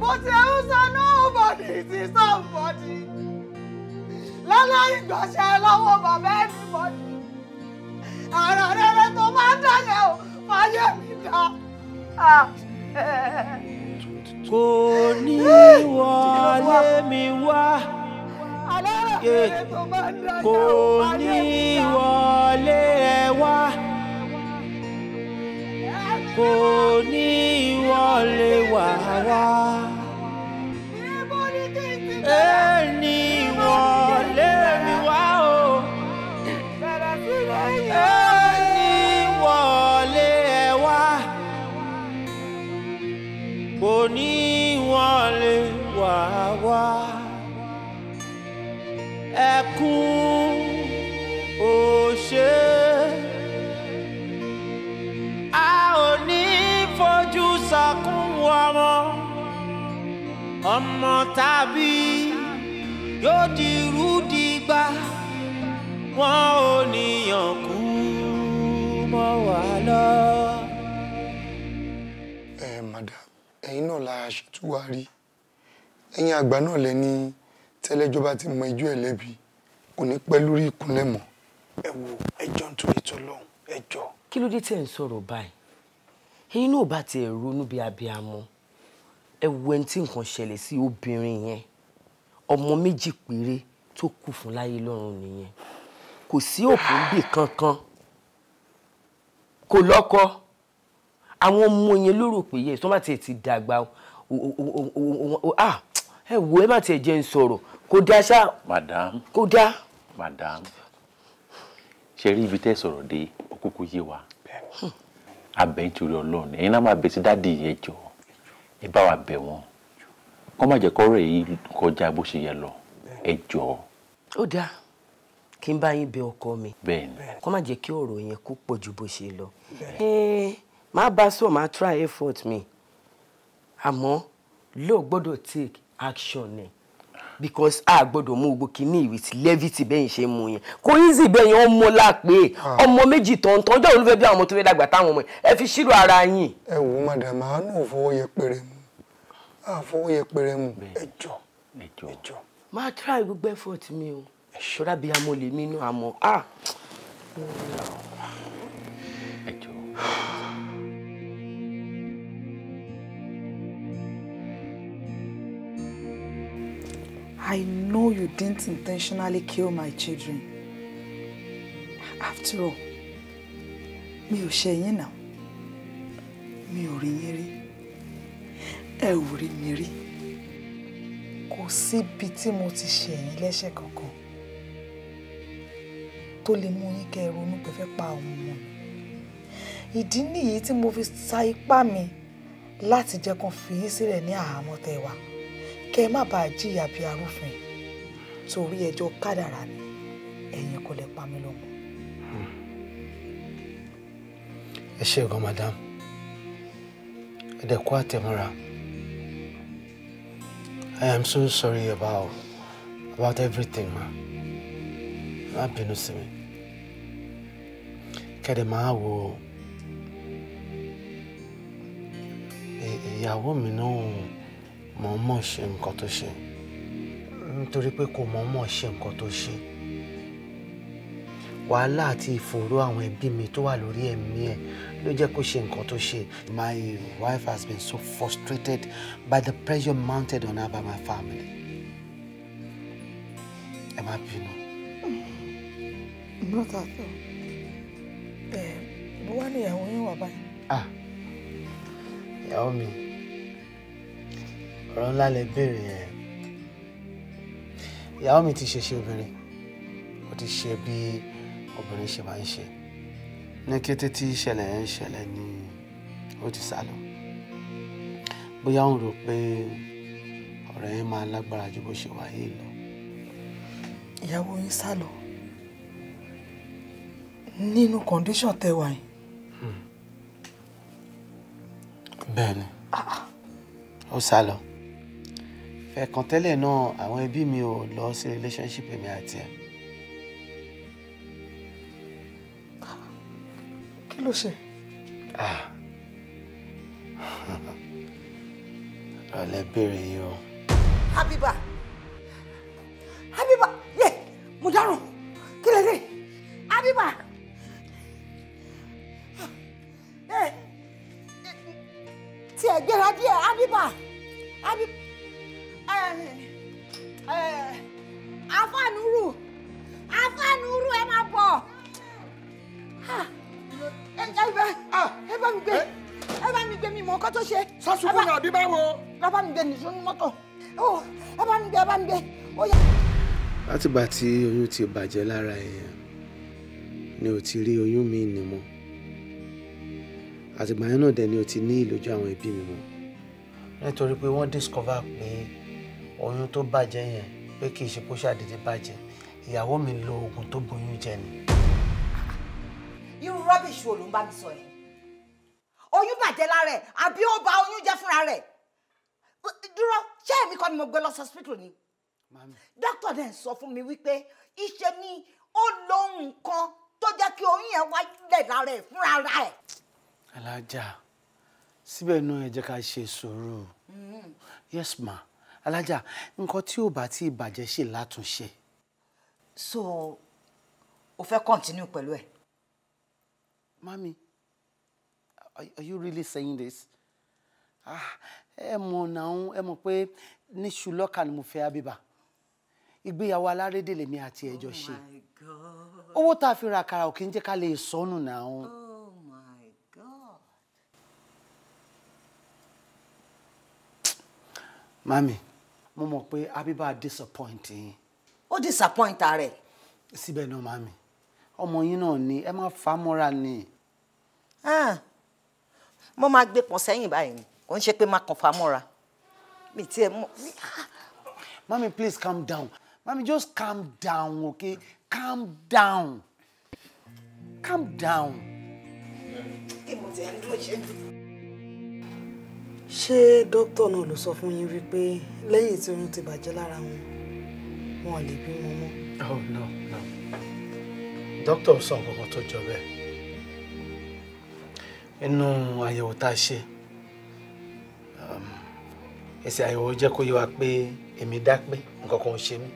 bó ti ń sọ nobody ti somebody lọ́lá ìgbọ̀nsẹ̀ lọ́wọ́ bàbá ẹnìbọ̀dì àrà rere tó máa ń dá yẹn ò fàyè mi dá. Ah. kò ní wọlé mi wá kò ní wọlé ẹ wá kò ní wọlé wá wá. ọmọ tàbí yóò di rúdìgbà wọn ò níyàn kú mọ́ wa lọ. ẹ madam ẹ̀yin náà la ṣètò wa rí ẹ̀yin àgbà náà lẹni tẹ́lẹ́jọ́ bá ti mọ ẹjọ́ ẹ̀ kò ní pẹ́ lórí ìkúnlẹ̀ mọ́. ẹ wo ẹjọ́ nítorí tó lọ́hùn ẹjọ́. kí ló dé tẹ̀ ń sọ̀rọ̀ báyìí ẹ̀yin náà bá tiẹ̀ ronú bí abiyamọ ẹ wo ẹni tí nǹkan ṣẹlẹ̀ sí obìnrin yẹn ọmọ méjì péré tó kù fún láyé lọ́run nìyẹn kò sí òkú bì kankan kò lọ́kọ àwọn ọmọ yẹn ló rò pé yẹn tó bá tiẹ̀ ti dàgbà ẹ wo ẹ má tiẹ̀ jẹ́ ń sọ̀rọ̀ kò dá ṣá. madam kò dá. madam ṣe rí ibi tẹ́ sọ̀rọ̀ dé ó kúkú yé wa hmm. abẹ́ nítorí ọlọ́run ẹ̀yin náà máa bẹ̀ sí dáàdi yẹn jọ ẹ bá wa bẹ̀ wọ́n kọ́ má jẹ́ kọ́rọ̀ èyí kọjá bó ṣe yẹ lọ ẹ jọ̀ọ́. ó dáa kí n bá yín bẹ̀ ọkọ mi kọ́ má jẹ́ kí ọ̀rọ̀ yẹn kó pọ̀ ju bó ṣe lọ. máa bá sọ máa try effort mi àmọ́ lóò gbọ́dọ̀ take action ni because a gbọ́dọ̀ mú gbogbo kínní ìwé tí levity bẹ́yìn ṣe mú yẹn kò easy bẹ́yìn ọmọ lápè ah. ọmọ méjì tọ̀ntọ̀ ọjọ́ olúfẹ́ bí àwọn ọmọ tó fẹ́ dàgbà táwọn ọmọ ẹ fi ṣírò ara yín. ẹ wo madam àánú fowó yẹpẹrẹ mú àfọwọ́ yẹpẹrẹ mu ẹjọ́ ẹjọ́. máa try gbogbo effort mi o ṣọ́ra bíi amọ̀ lèmi inú àmọ́ ah! ah! I know you didn't intentionally kill my children. After all, me ò ṣe now, me mi ò rí ẹ ò rí mi rí kò síbi tí mo ti ṣe ẹ̀yìn lẹ́sẹ̀ kankan tó lè mú yín kẹ́ ẹ ronú pé fẹ́ pa àwọn ọmọ mi ìdí nìyí tí mo fi sa ipá mi láti jẹ́ kó fi yín sílẹ̀ ní àhámọ́ tẹ̀wá kẹ́ ẹ má bàa jìyà bíi arúfin torí ẹjọ́ kádàrá ni ẹ̀yin kò lè pa mí lọ́mọ. ẹ ṣé gan madam ẹ dẹ̀ kó àtẹ̀mọ́ra. I am so sorry about about everything, ma. Má bínú sí mi. Kẹ̀dẹ̀ wo ìyàwó mi náà mọ̀ọ́mọ̀ ṣe nǹkan tó ṣe nítorí pé kò mọ̀ọ́mọ̀ ṣe nǹkan tó ṣe. Wàhálà àti ìfòòró àwọn ẹbí mi tó wà lórí ẹ̀mí ẹ̀ ló jẹ́ kó ṣe nǹkan tó ṣe. My wife has been so frustrated by the pressure mounted on her by my family. Ẹ má bínú. Not at all. Ẹ bó wá ní ìyàwó yín wà báyìí. Ah, ìyàwó mi, ọ̀rọ̀ ńlá lẹ béèrè yẹn. Ìyàwó mi ti ṣe ṣe obìnrin, ó ti ṣe bí obìnrin ṣe máa ń ṣe ní kété tí ìṣẹ̀lẹ̀ ń ṣẹlẹ̀ ni ó ti sá lọ bóyá òun rò pé ọ̀rẹ́ yẹn máa lágbára ju bó ṣe wà yìí lọ. ìyàwó yín sá lọ nínú kọ̀ǹdíṣọ̀n tẹ́ wà yìí. Hmm. bẹ́ẹ̀ ni ah, ah. ó sá lọ fẹ̀kàntẹ́lẹ̀ náà àwọn ẹbí mi ò lọ sí relationship mi àti ẹ̀. ló ṣe. alẹ́ bèrè látìgbà tí oyún ti bàjẹ́ lára èèyàn ni ò ti rí oyún mi nì mọ́ àtìgbà yẹn náà dẹ̀ ni ò ti ní ìlójú àwọn ẹbí mi mọ́. nítorí pé wọ́n discover pé oyún tó bàjẹ́ yẹn pé kì í ṣe kó ṣàdédé bàjẹ́ ìyàwó mi lo oògùn tó boyún jẹ ni. irú rubbish wo ló ń bá mi sọ yẹn oyún bàjẹ́ lára ẹ̀ àbí ó ba oyún jẹ́ fúnra rẹ̀ dúró ṣé èmi kọ́ ni mo gbé lọ sọ́sìpítù ni dókítà náà sọ fún mi wípé iṣẹ́ mi ó lo nǹkan tó jẹ́ kí oyún yẹn wá lára ẹ̀ fúnra ara ẹ̀. alájà síbẹ̀ náà ẹ jẹ́ ká ṣe sùúrù hmm. yes ma alájà nǹkan tí ò bá tí bàjẹ́ ṣe látúnṣe. so o fẹ́ continue pẹ̀lú ẹ̀. mami are, you really saying this? ah ẹ mọ̀ náà ẹ mọ̀ pé níṣu lọ́ka ni mo fẹ́ abíbá ìgbéyàwó alárédè lèmi àti ẹjọ oh ṣe owó tá a fi ra àkàrà òkè ń jẹ́ ká lè sọnù náà. Oh mami mo mọ̀ pé Abíbá disappoint yín. ó disappoint rẹ̀. síbẹ̀ náà mami ọmọ yín náà ni ẹ má fà mọ́ra ni. Ah, mo máa gbé pọ̀ sẹ́yìn báyìí kò ń ṣe pé má kàn fà mọ́ra mi tiẹ̀ mọ́. Ah. mami please calm down Mommy, just calm down, okay? Calm down. Calm down. Ṣé dókítà náà ló sọ fún yín wípé lẹ́yìn tí oyún ti bàjẹ́ lára wọn, wọn lè bímọ mọ́? Oh no, no. Dókítà sọ nǹkan kan tó jọ bẹ́ẹ̀. Inú àyẹ̀wò tá a ṣe, èsì um, àyẹ̀wò jẹ́ kó yé wa pé èmi dá pé nǹkan kan ò ṣe mí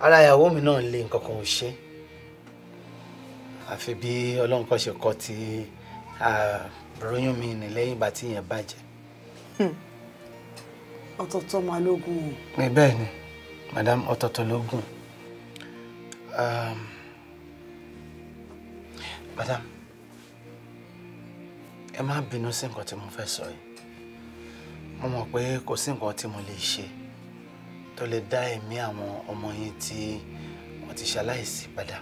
ara ìyàwó mi náà lé nǹkan kan ò ṣe àfi bí ọlọ́run kan ṣe kọ́ ti àbúròyìn mi ní lẹ́yìn ìgbà tí ìyẹn bàjẹ́. Hmm. ọ̀tọ̀ọ̀tọ̀ máa lógún o. bẹ́ẹ̀ ni madam ọ̀tọ̀ọ̀tọ̀ lógún madam ẹ má bínú sí nǹkan tí mo fẹ́ sọ yìí mo mọ̀ pé kò sí nǹkan tí mo lè ṣe tó lè dá ẹ̀mí àwọn ọmọ yín tí wọ́n ti ṣaláìsí padà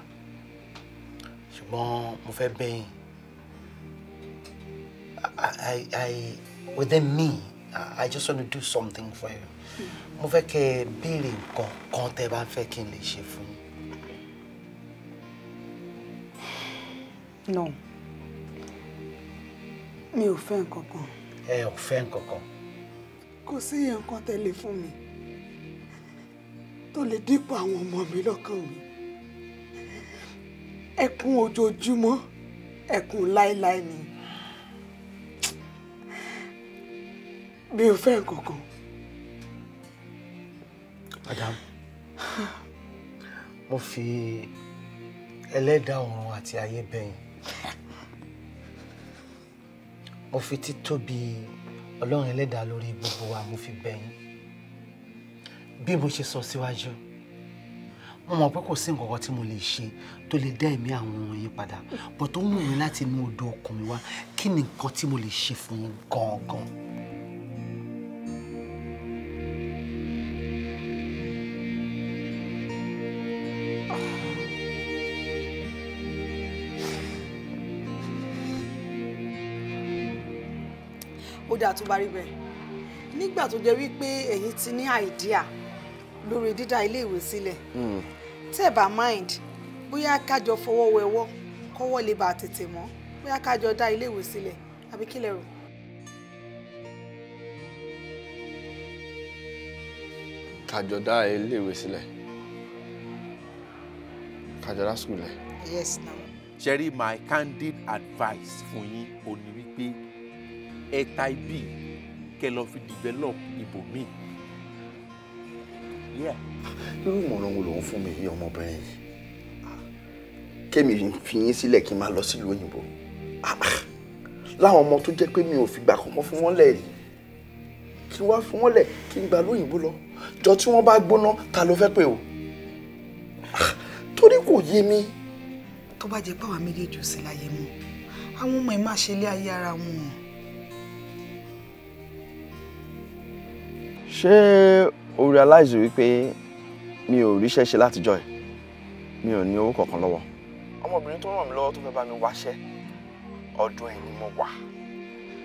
ṣùgbọ́n mo fẹ́ bẹ̀yìn I I within me I just want to do something for you mo fẹ́ kẹ́ ẹ béèrè nǹkan kan tẹ́ bá fẹ́ kí n lè ṣe fún yín. No. Mi ò fẹ́ nǹkan kan. Ẹ ò fẹ́ nǹkan kan. Kò sí nǹkan tẹ́ lè fún mi tó lè dípò àwọn ọmọ mi lọ́kàn mi ẹkún ojoojúmọ́ ẹkún láéláé ni mi ò fẹ́ kankan. madam mo fi ẹlẹ́dàá ọ̀run àti ayé bẹ̀yìn mo fi títóbi ọlọ́run ẹlẹ́dàá lórí gbogbo wa mo fi bẹ̀yìn bí mo ṣe sọ síwájú mo mọ̀ pé kò sí nǹkan kan tí mo lè ṣe tó lè dá ẹ̀mí àwọn ọmọ yín padà but ó wù mí láti inú odò ọkùnrin wá kí ni nǹkan tí mo lè ṣe fún un gangan. ó dáa tó bá rí bẹ́ẹ̀ nígbà tó jẹ́ wípé ẹ̀yin ti ní àìdíà lórí dídá ilé ìwé sílẹ̀ hmm. tẹ́ ẹ̀ bá mind bóyá kájọ fọwọ́ wẹwọ́ kọ́wọ́ lè bá tètè mọ́ bóyá kájọ dá ilé ìwé sílẹ̀ àbí kí lẹ rò. kájọ dá ilé ìwé sílẹ̀ kájọ dá sùkúl yes na. ṣẹ́rí my candid advice fún yín ò ní wípé ẹ ta ibi kẹ́ lọ fi develop ibòmíì irú ìmọ̀ràn wo lòun fún mi yí ọmọbìnrin yìí kémi fi yín sílẹ̀ kí n máa lọ sílùú òyìnbó láwọn ọmọ tó jẹ́ pé mi ò fìgbà kan mọ́ fún wọn lẹ̀ rí kí wá fún wọn lẹ̀ kí n gbà lóyìnbó lọ jọ tí wọ́n bá gbóná ta ló fẹ́ pè o torí kò yé mi. tó bá jẹ́ pé àwọn méjèèjì ò sí láyé mọ́ àwọn ọmọ ẹ̀ máa ṣe ilé ayé ara wọn ṣé ó realize wípé mi ò ríṣẹ́ ṣe látijọ́ ẹ̀ mi ò ní owó kankan lọ́wọ́ ọmọbìnrin tó ràn mí lọ́wọ́ tó fẹ́ bá mi wáṣẹ́ ọ̀dọ̀ ẹ̀ ni mo wà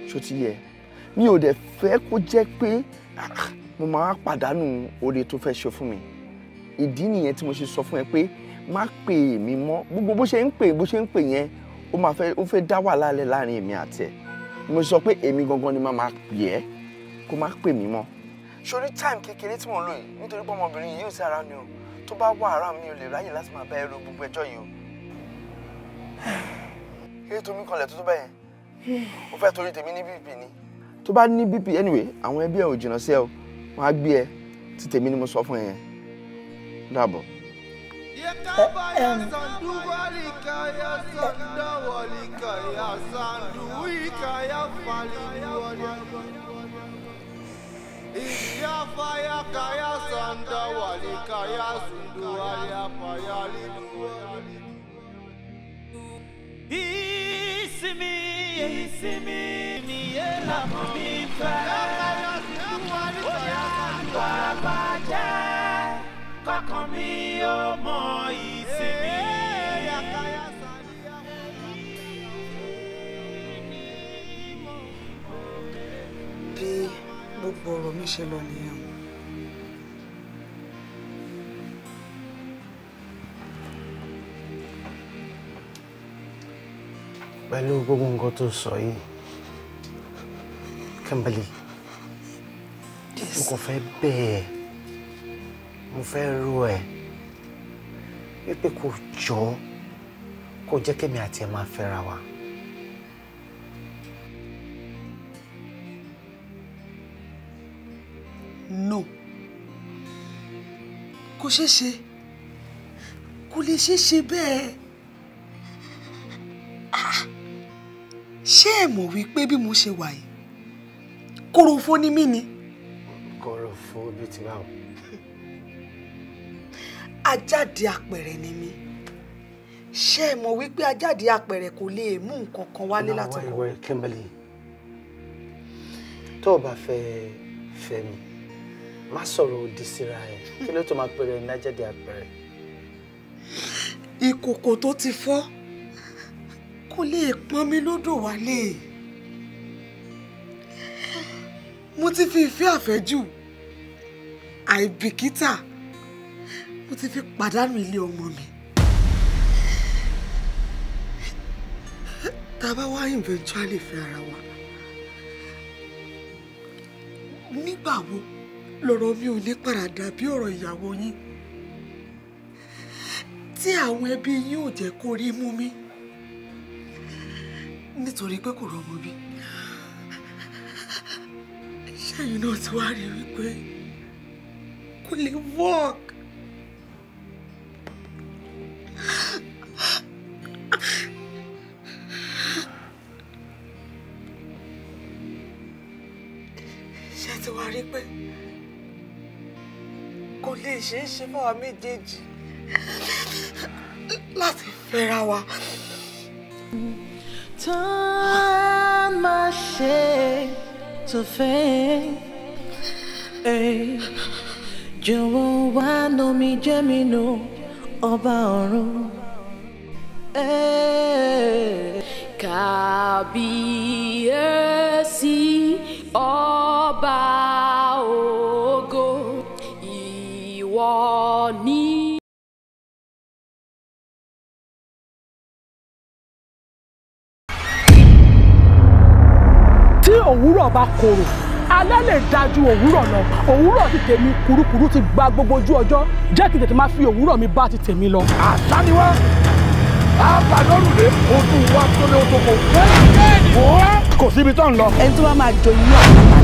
ṣó ti yẹ mi ò dẹ̀ fẹ́ kó jẹ́ pé ah, mo máa pàdánù oore tó fẹ́ ṣe fún mi ìdí nìyẹn tí mo ṣe sọ fún ẹ pé má pè mí mọ́ gbogbo bó ṣe ń pè bó ṣe ń pè yẹn ó máa fẹ́ ó fẹ́ dá wàhálà lẹ̀ láàrin èmi àti ẹ̀ mo sọ pé èmi gangan ni màá máa pè ẹ́ kó má pè mí mọ́ sórí time kékeré tí mò ń lò yìí nítorí pé ọmọbìnrin yìí ò sí ara mi o tó bá wà ara mi ò lè ráyè láti máa bá ẹrù gbogbo ẹjọ́ yìí o. eré tó mi kanlẹ̀ tó tó bẹ́yẹn o fẹ́ torí tèmi ní bp ni. tó bá ní bp anyway àwọn ẹbí ẹ ò jìnnà sí ẹ o wọn á gbé ẹ tí tèmi ni mo sọ fún ẹ yẹn dàbọ̀. Sandu Iyafaya kaya sanda wali kaya sundu aliyafaya lidu. Isimi isimi mi yela mi fẹ. Kaya sundu wali kaya sundu abajẹ gbogbo ọ̀rọ̀ mi ṣe lọ nìyẹn. pẹ̀lú gbogbo nǹkan tó sọ yìí Kimberly mo kàn fẹ́ bẹ́ẹ̀ mo fẹ́ rú ẹ̀ wípé kò jọ kó jẹ́ kémi àti ẹ̀ máa fẹ́ra wa. no kò ṣeé ṣe kò lè ṣeé ṣe bẹ́ẹ̀ ah. ṣé ẹ mọ̀ wípé bí mo ṣe wà yìí kòròfo ni mí ni. kòròfo bíi ti báwo. ajáde apẹ̀rẹ̀ ni mí ṣé ẹ mọ̀ wípé ajáde apẹ̀rẹ̀ kò lè mú nǹkan kan wálé látọkọ. ọmọ ìwé Kimberly tó o bá fẹ́ fẹ́ mi má sọ̀rọ̀ òdì síra ẹ̀ kí ló tó máa pẹ̀rẹ̀ ìnájẹ́dẹ̀ àpẹẹrẹ. ìkòkò tó ti fọ́ kò lè pọn mi lódò wálé mo ti fi ìfẹ́ àfẹ́jù àìbìkítà mo ti fi pàdánù ilé ọmọ mi. tá a bá wá fẹ́ ara wa nígbà wo lọ́rọ̀ mi ò ní paradà bí ọ̀rọ̀ ìyàwó yín tí àwọn ẹbí yín ò jẹ́ kó rí mú mi nítorí pé kò rọmọ bí ṣẹ́yìn náà ti wá rí wípé kò lè work ṣe ti wá rí pé lè ṣeé ṣe fáwa méjèèjì láti fẹ́ra wa. tán máa ṣe tó fẹ́ jọ̀wọ́ wá nomi jẹ́ mi nù ọba ọ̀run. Eh, Kábíyèsí ọ̀. tówúrọ̀ bá korò alẹ́ lè dájú òwúrọ̀ lọ òwúrọ̀ ti tèmi kurukuru ti gba gbogbo ojú ọjọ́ jẹ́ kí tètè máa fi òwúrọ̀ mi bá ti tèmi lọ. àtàníwá àbàlọ́rùlé ojú wa tó lé oṣù kò wọ́n kò síbi tó ń lọ. ẹni tó bá máa jọ inú àkàtà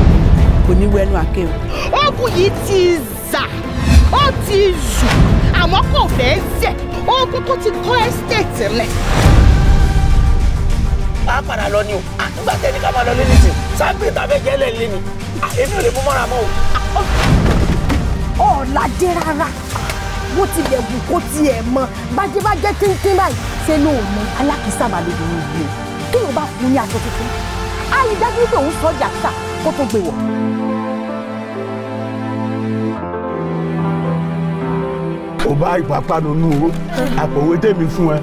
kò ní wẹnu àkẹ́wò. oògùn yìí ti zà ó ti zù àmọ́ kò fẹ́ zẹ̀ oògùn tó ti kọ́ ẹ́stéètì rẹ̀ pàápàá padà lọ ni o nígbà tẹ́ni ká máa lọ lé nìsín sáàpì tàbí jẹ́lẹ̀ lé ni èmi ò lè mú mọ́ra mọ́ o. ọ̀làdé rárá bó tilẹ̀ wù kó tiẹ̀ mọ bájẹ́bájẹ́ kínkín báyìí ṣé ló ń mú alákìísà máa lè dùn ìgbé kí ló bá fún ní aṣọ tuntun àyè dájú pé òun sọjà sà kó tó gbé wọ̀. ò bá ìpápánu nù o àpòwé tèmi fún ẹ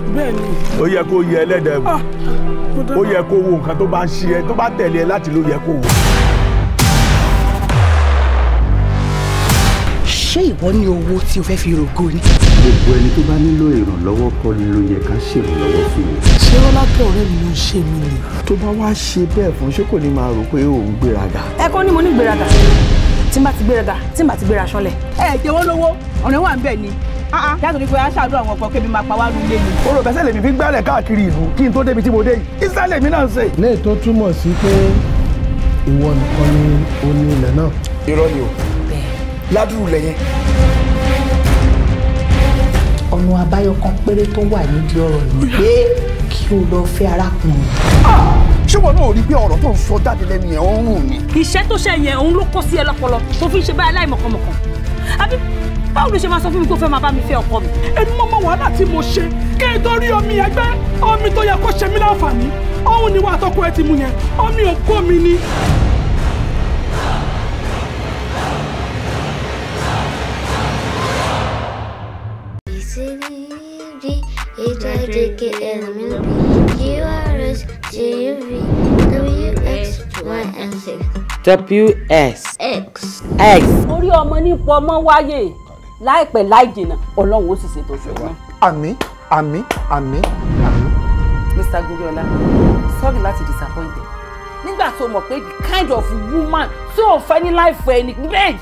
ó yẹ kó yẹ ẹlẹ́dẹ̀ẹ́ ó yẹ kó wo nǹkan tó bá ń ṣe ẹ tó bá tẹ̀lé ẹ láti ló yẹ kó wo. ṣé ìwọ ní owó tí o fẹ́ fi rògo ni. gbogbo ẹni tó bá nílò ìrànlọ́wọ́ kọ́ ni ló yẹ ká ṣèrànlọ́wọ́ fún un. ṣé ọlá tó ọ̀rẹ́ mi ló ń ṣe mí ni. tó bá wá ṣe bẹ́ẹ̀ fún ṣé kò ní máa rò pé òun gbéraga. ẹ kọ́ ni mo ní gbéraga tí n bá ti gbéraga tí n bá ti gbéra aṣọ lẹ̀. ẹ jẹ́wọ́ lówó ọ̀rẹ́ wà ń bẹ̀ ni jáde ah, ah. ní pé aṣáájú àwọn ọkọ kébi máa pa wá lu ilé ni. o rò bẹ́sẹ̀ lèmi fi gbálẹ̀ káàkiri ìlú kí n tó débi tí mo dé yìí iṣẹ́ lèmi náà ń ṣe. ní ètò túmọ̀ sí pé ìwọ nìkan ni o ní ilẹ̀ náà. irọ́ ni o ládùrú lẹ́yìn. ọ̀nà àbáyọ kan péré tó wà nídìí ọ̀rọ̀ yìí pé kí o lọ fẹ́ arákùnrin. Ah! ṣé wọn náà rí bí ọ̀rọ̀ tó ń sọ jáde lẹ́nu yẹn ọ̀rùn ni. ìṣẹ́ tó ṣe yẹn òun ló kọ́ sí ẹ lọ́pọlọ tó fi ń ṣe báyìí láì mọ̀kànmọ̀kàn àbí báwo ló ṣe máa sọ fún mi kó fẹ́ máa bá mi fẹ́ ọkọ mi. ẹnu mọ́mọ́ wàhálà tí mo ṣe kí n torí omi ẹgbẹ́ omi tó yẹ kó ṣe mí láǹfààní ọ̀hún ni wà á tọ́kọ ẹ ti mu yẹn omi òkú mi ni. WS. X. X. Orí ọmọ ní pọmọ wáyé láìpẹ́ láì jìnnà ọlọ́run ó sì ṣètò sí i. àmín àmín àmín àmín. Mr. Guriola sorry láti disappoint ẹ nígbà tó mọ̀ pé the kind of woman tí ò fẹ́ ní láìfọ ẹni méjì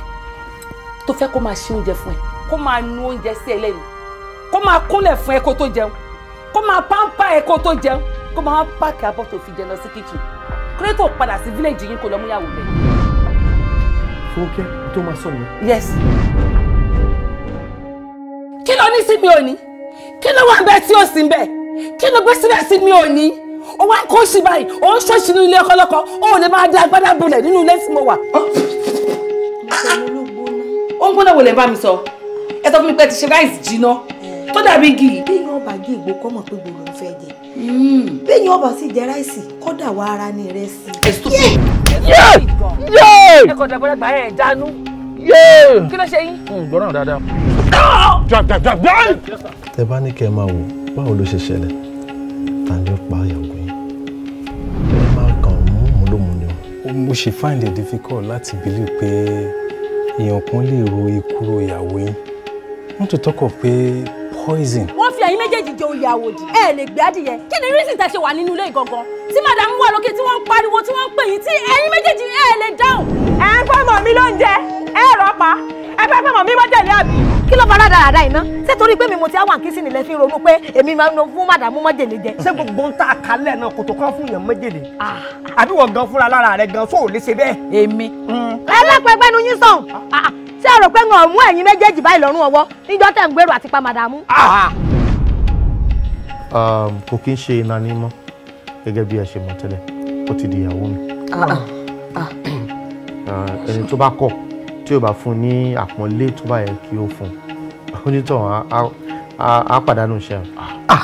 tó fẹ́ kó máa ṣe oúnjẹ fún ẹ kó máa nu oúnjẹ sí ẹ lẹ́nu kó máa kúnlẹ̀ fún ẹ kó tó jẹun kó máa pampa ẹ kó tó jẹun kó máa pààkì abọ́ tó fi jẹun lọ sí kitchen kúrẹ́tò padà sí village yín kó lọ mú yàwó bẹ́ẹ̀. fúnkẹ́ tó máa sọ mi. yes ní sí mi ò ní kí ló wà bẹ́ẹ̀ tí ò sí bẹ́ẹ̀ kí ló gbé síbẹ̀ sí mi ò o wá ń kó sí báyìí o ń ṣọ́ọ̀ṣì nínú ilé ọkọlọ́kọ o ò lè máa dá agbádá bulẹ̀ nínú ilé tí mo wà. ó ń gbóná wo lè bá mi sọ ẹ sọ fún mi pé ti ṣe ráìsì jiná tó dàbí igi. bẹ́ẹ̀ni ọba gé ìgbó kọ́ mọ̀ pé gbòòrò ń fẹ́ jẹ hmm. bẹ́ẹ̀ni ọba sì jẹ ráìsì kódà wà ara ní ìrẹsì. ẹ sọ fún mi. yóò dàgbọ́dàgbà ẹ̀ dánú kí ló ṣe yín. Hmm, gbọ́dọ̀ dáadáa. tẹ bá ní kẹ́ ẹ máa wò báwo ló ṣe ṣẹlẹ̀ ta ni ó pa ìyàwó yín ẹ máa kàn mú òun lóun ni o. mo ṣe find it difficult láti believe pé èèyàn kan lè ro ikú ìyàwó yín wọ́n tún tọkọ̀ pé poison. wọ́n fi ẹ̀yin méjèèjì jẹ oyè àwòdì ẹ lè gbé adìyẹ kí ni reason tẹ ṣe wà nínú ilé ìgangan tí madam wà lókè tí wọ́n ń pariwo tí wọ́n ń pè yín tí ẹ̀yin méjèèjì ẹ lè dáhùn. ẹ ń fọmọ mi lóúnjẹ ọmọ mi má tẹ̀lé àbí. kí ló fara dáradára iná ṣé torí pé mi mo ti àwọn àkínsìn nílẹ̀ fi ronú pé èmi máa ń fún màdàmú májèlé jẹ. ṣé gbogbo ń ta àkálẹ̀ náà kò tó kán fún yàn májèlé. Ah. àbí wọ́n gan fúnra lára rẹ̀ gan sóò lè ṣe bẹ́ẹ̀. èmi. Hmm. ẹlẹ́pẹ̀pẹ́ nu yín sàn ah. Ah, ṣé o rò pé wọn ò mú ẹ̀yin méjèèjì báyìí lọ́rùn ọwọ́ níjọ́ tẹ̀ ń gbèrò àti pa màdàmú. Um, kò kí ń ṣe ìnáni mọ́ gẹ́gẹ́ bí ẹ ṣe mọ̀ tẹ́lẹ̀ ó ti di ìyàwó mi uh, ẹni tó bá kọ̀ tí o bá fún ní àpọ́nlé tó bá yẹ kí o fún onítọ̀ á pàdánù iṣẹ́ ah!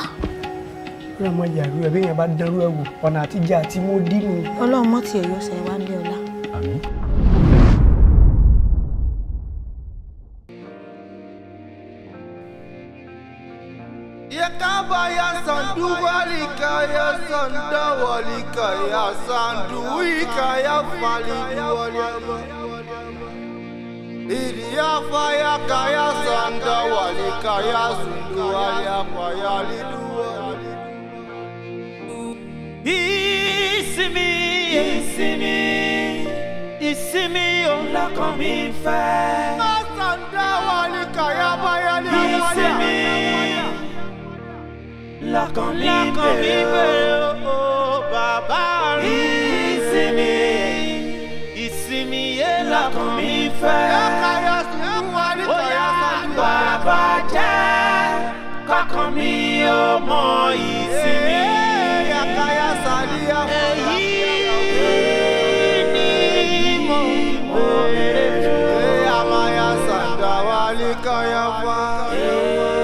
rẹ mọ ìyàrú ẹ bẹ́ẹ̀ yẹn bá dẹrú ẹ ọ̀nà àtijọ́ àti mo dí ọlọ́run mọ́ tiẹ̀ yọ sẹ́yìn wá lé ọlá. àmín. Idiafa ya kaya sanda wali kaya sundua ya kaya lidua. Ìsinmi, ìsinmi, ìsinmi ọlọ́kàn mi fẹ́. Má wali kaya báyà ní àwọn ọ̀la. Ìsinmi, mi bẹ̀rẹ̀ o, bàbá. fẹ́. Bóyá bàjẹ́ kọ́kàn mi ò mọ ìsinmi. Èyí ni mo mọ èrè fún. Àmàyà sàdáwálé kan yẹn wá.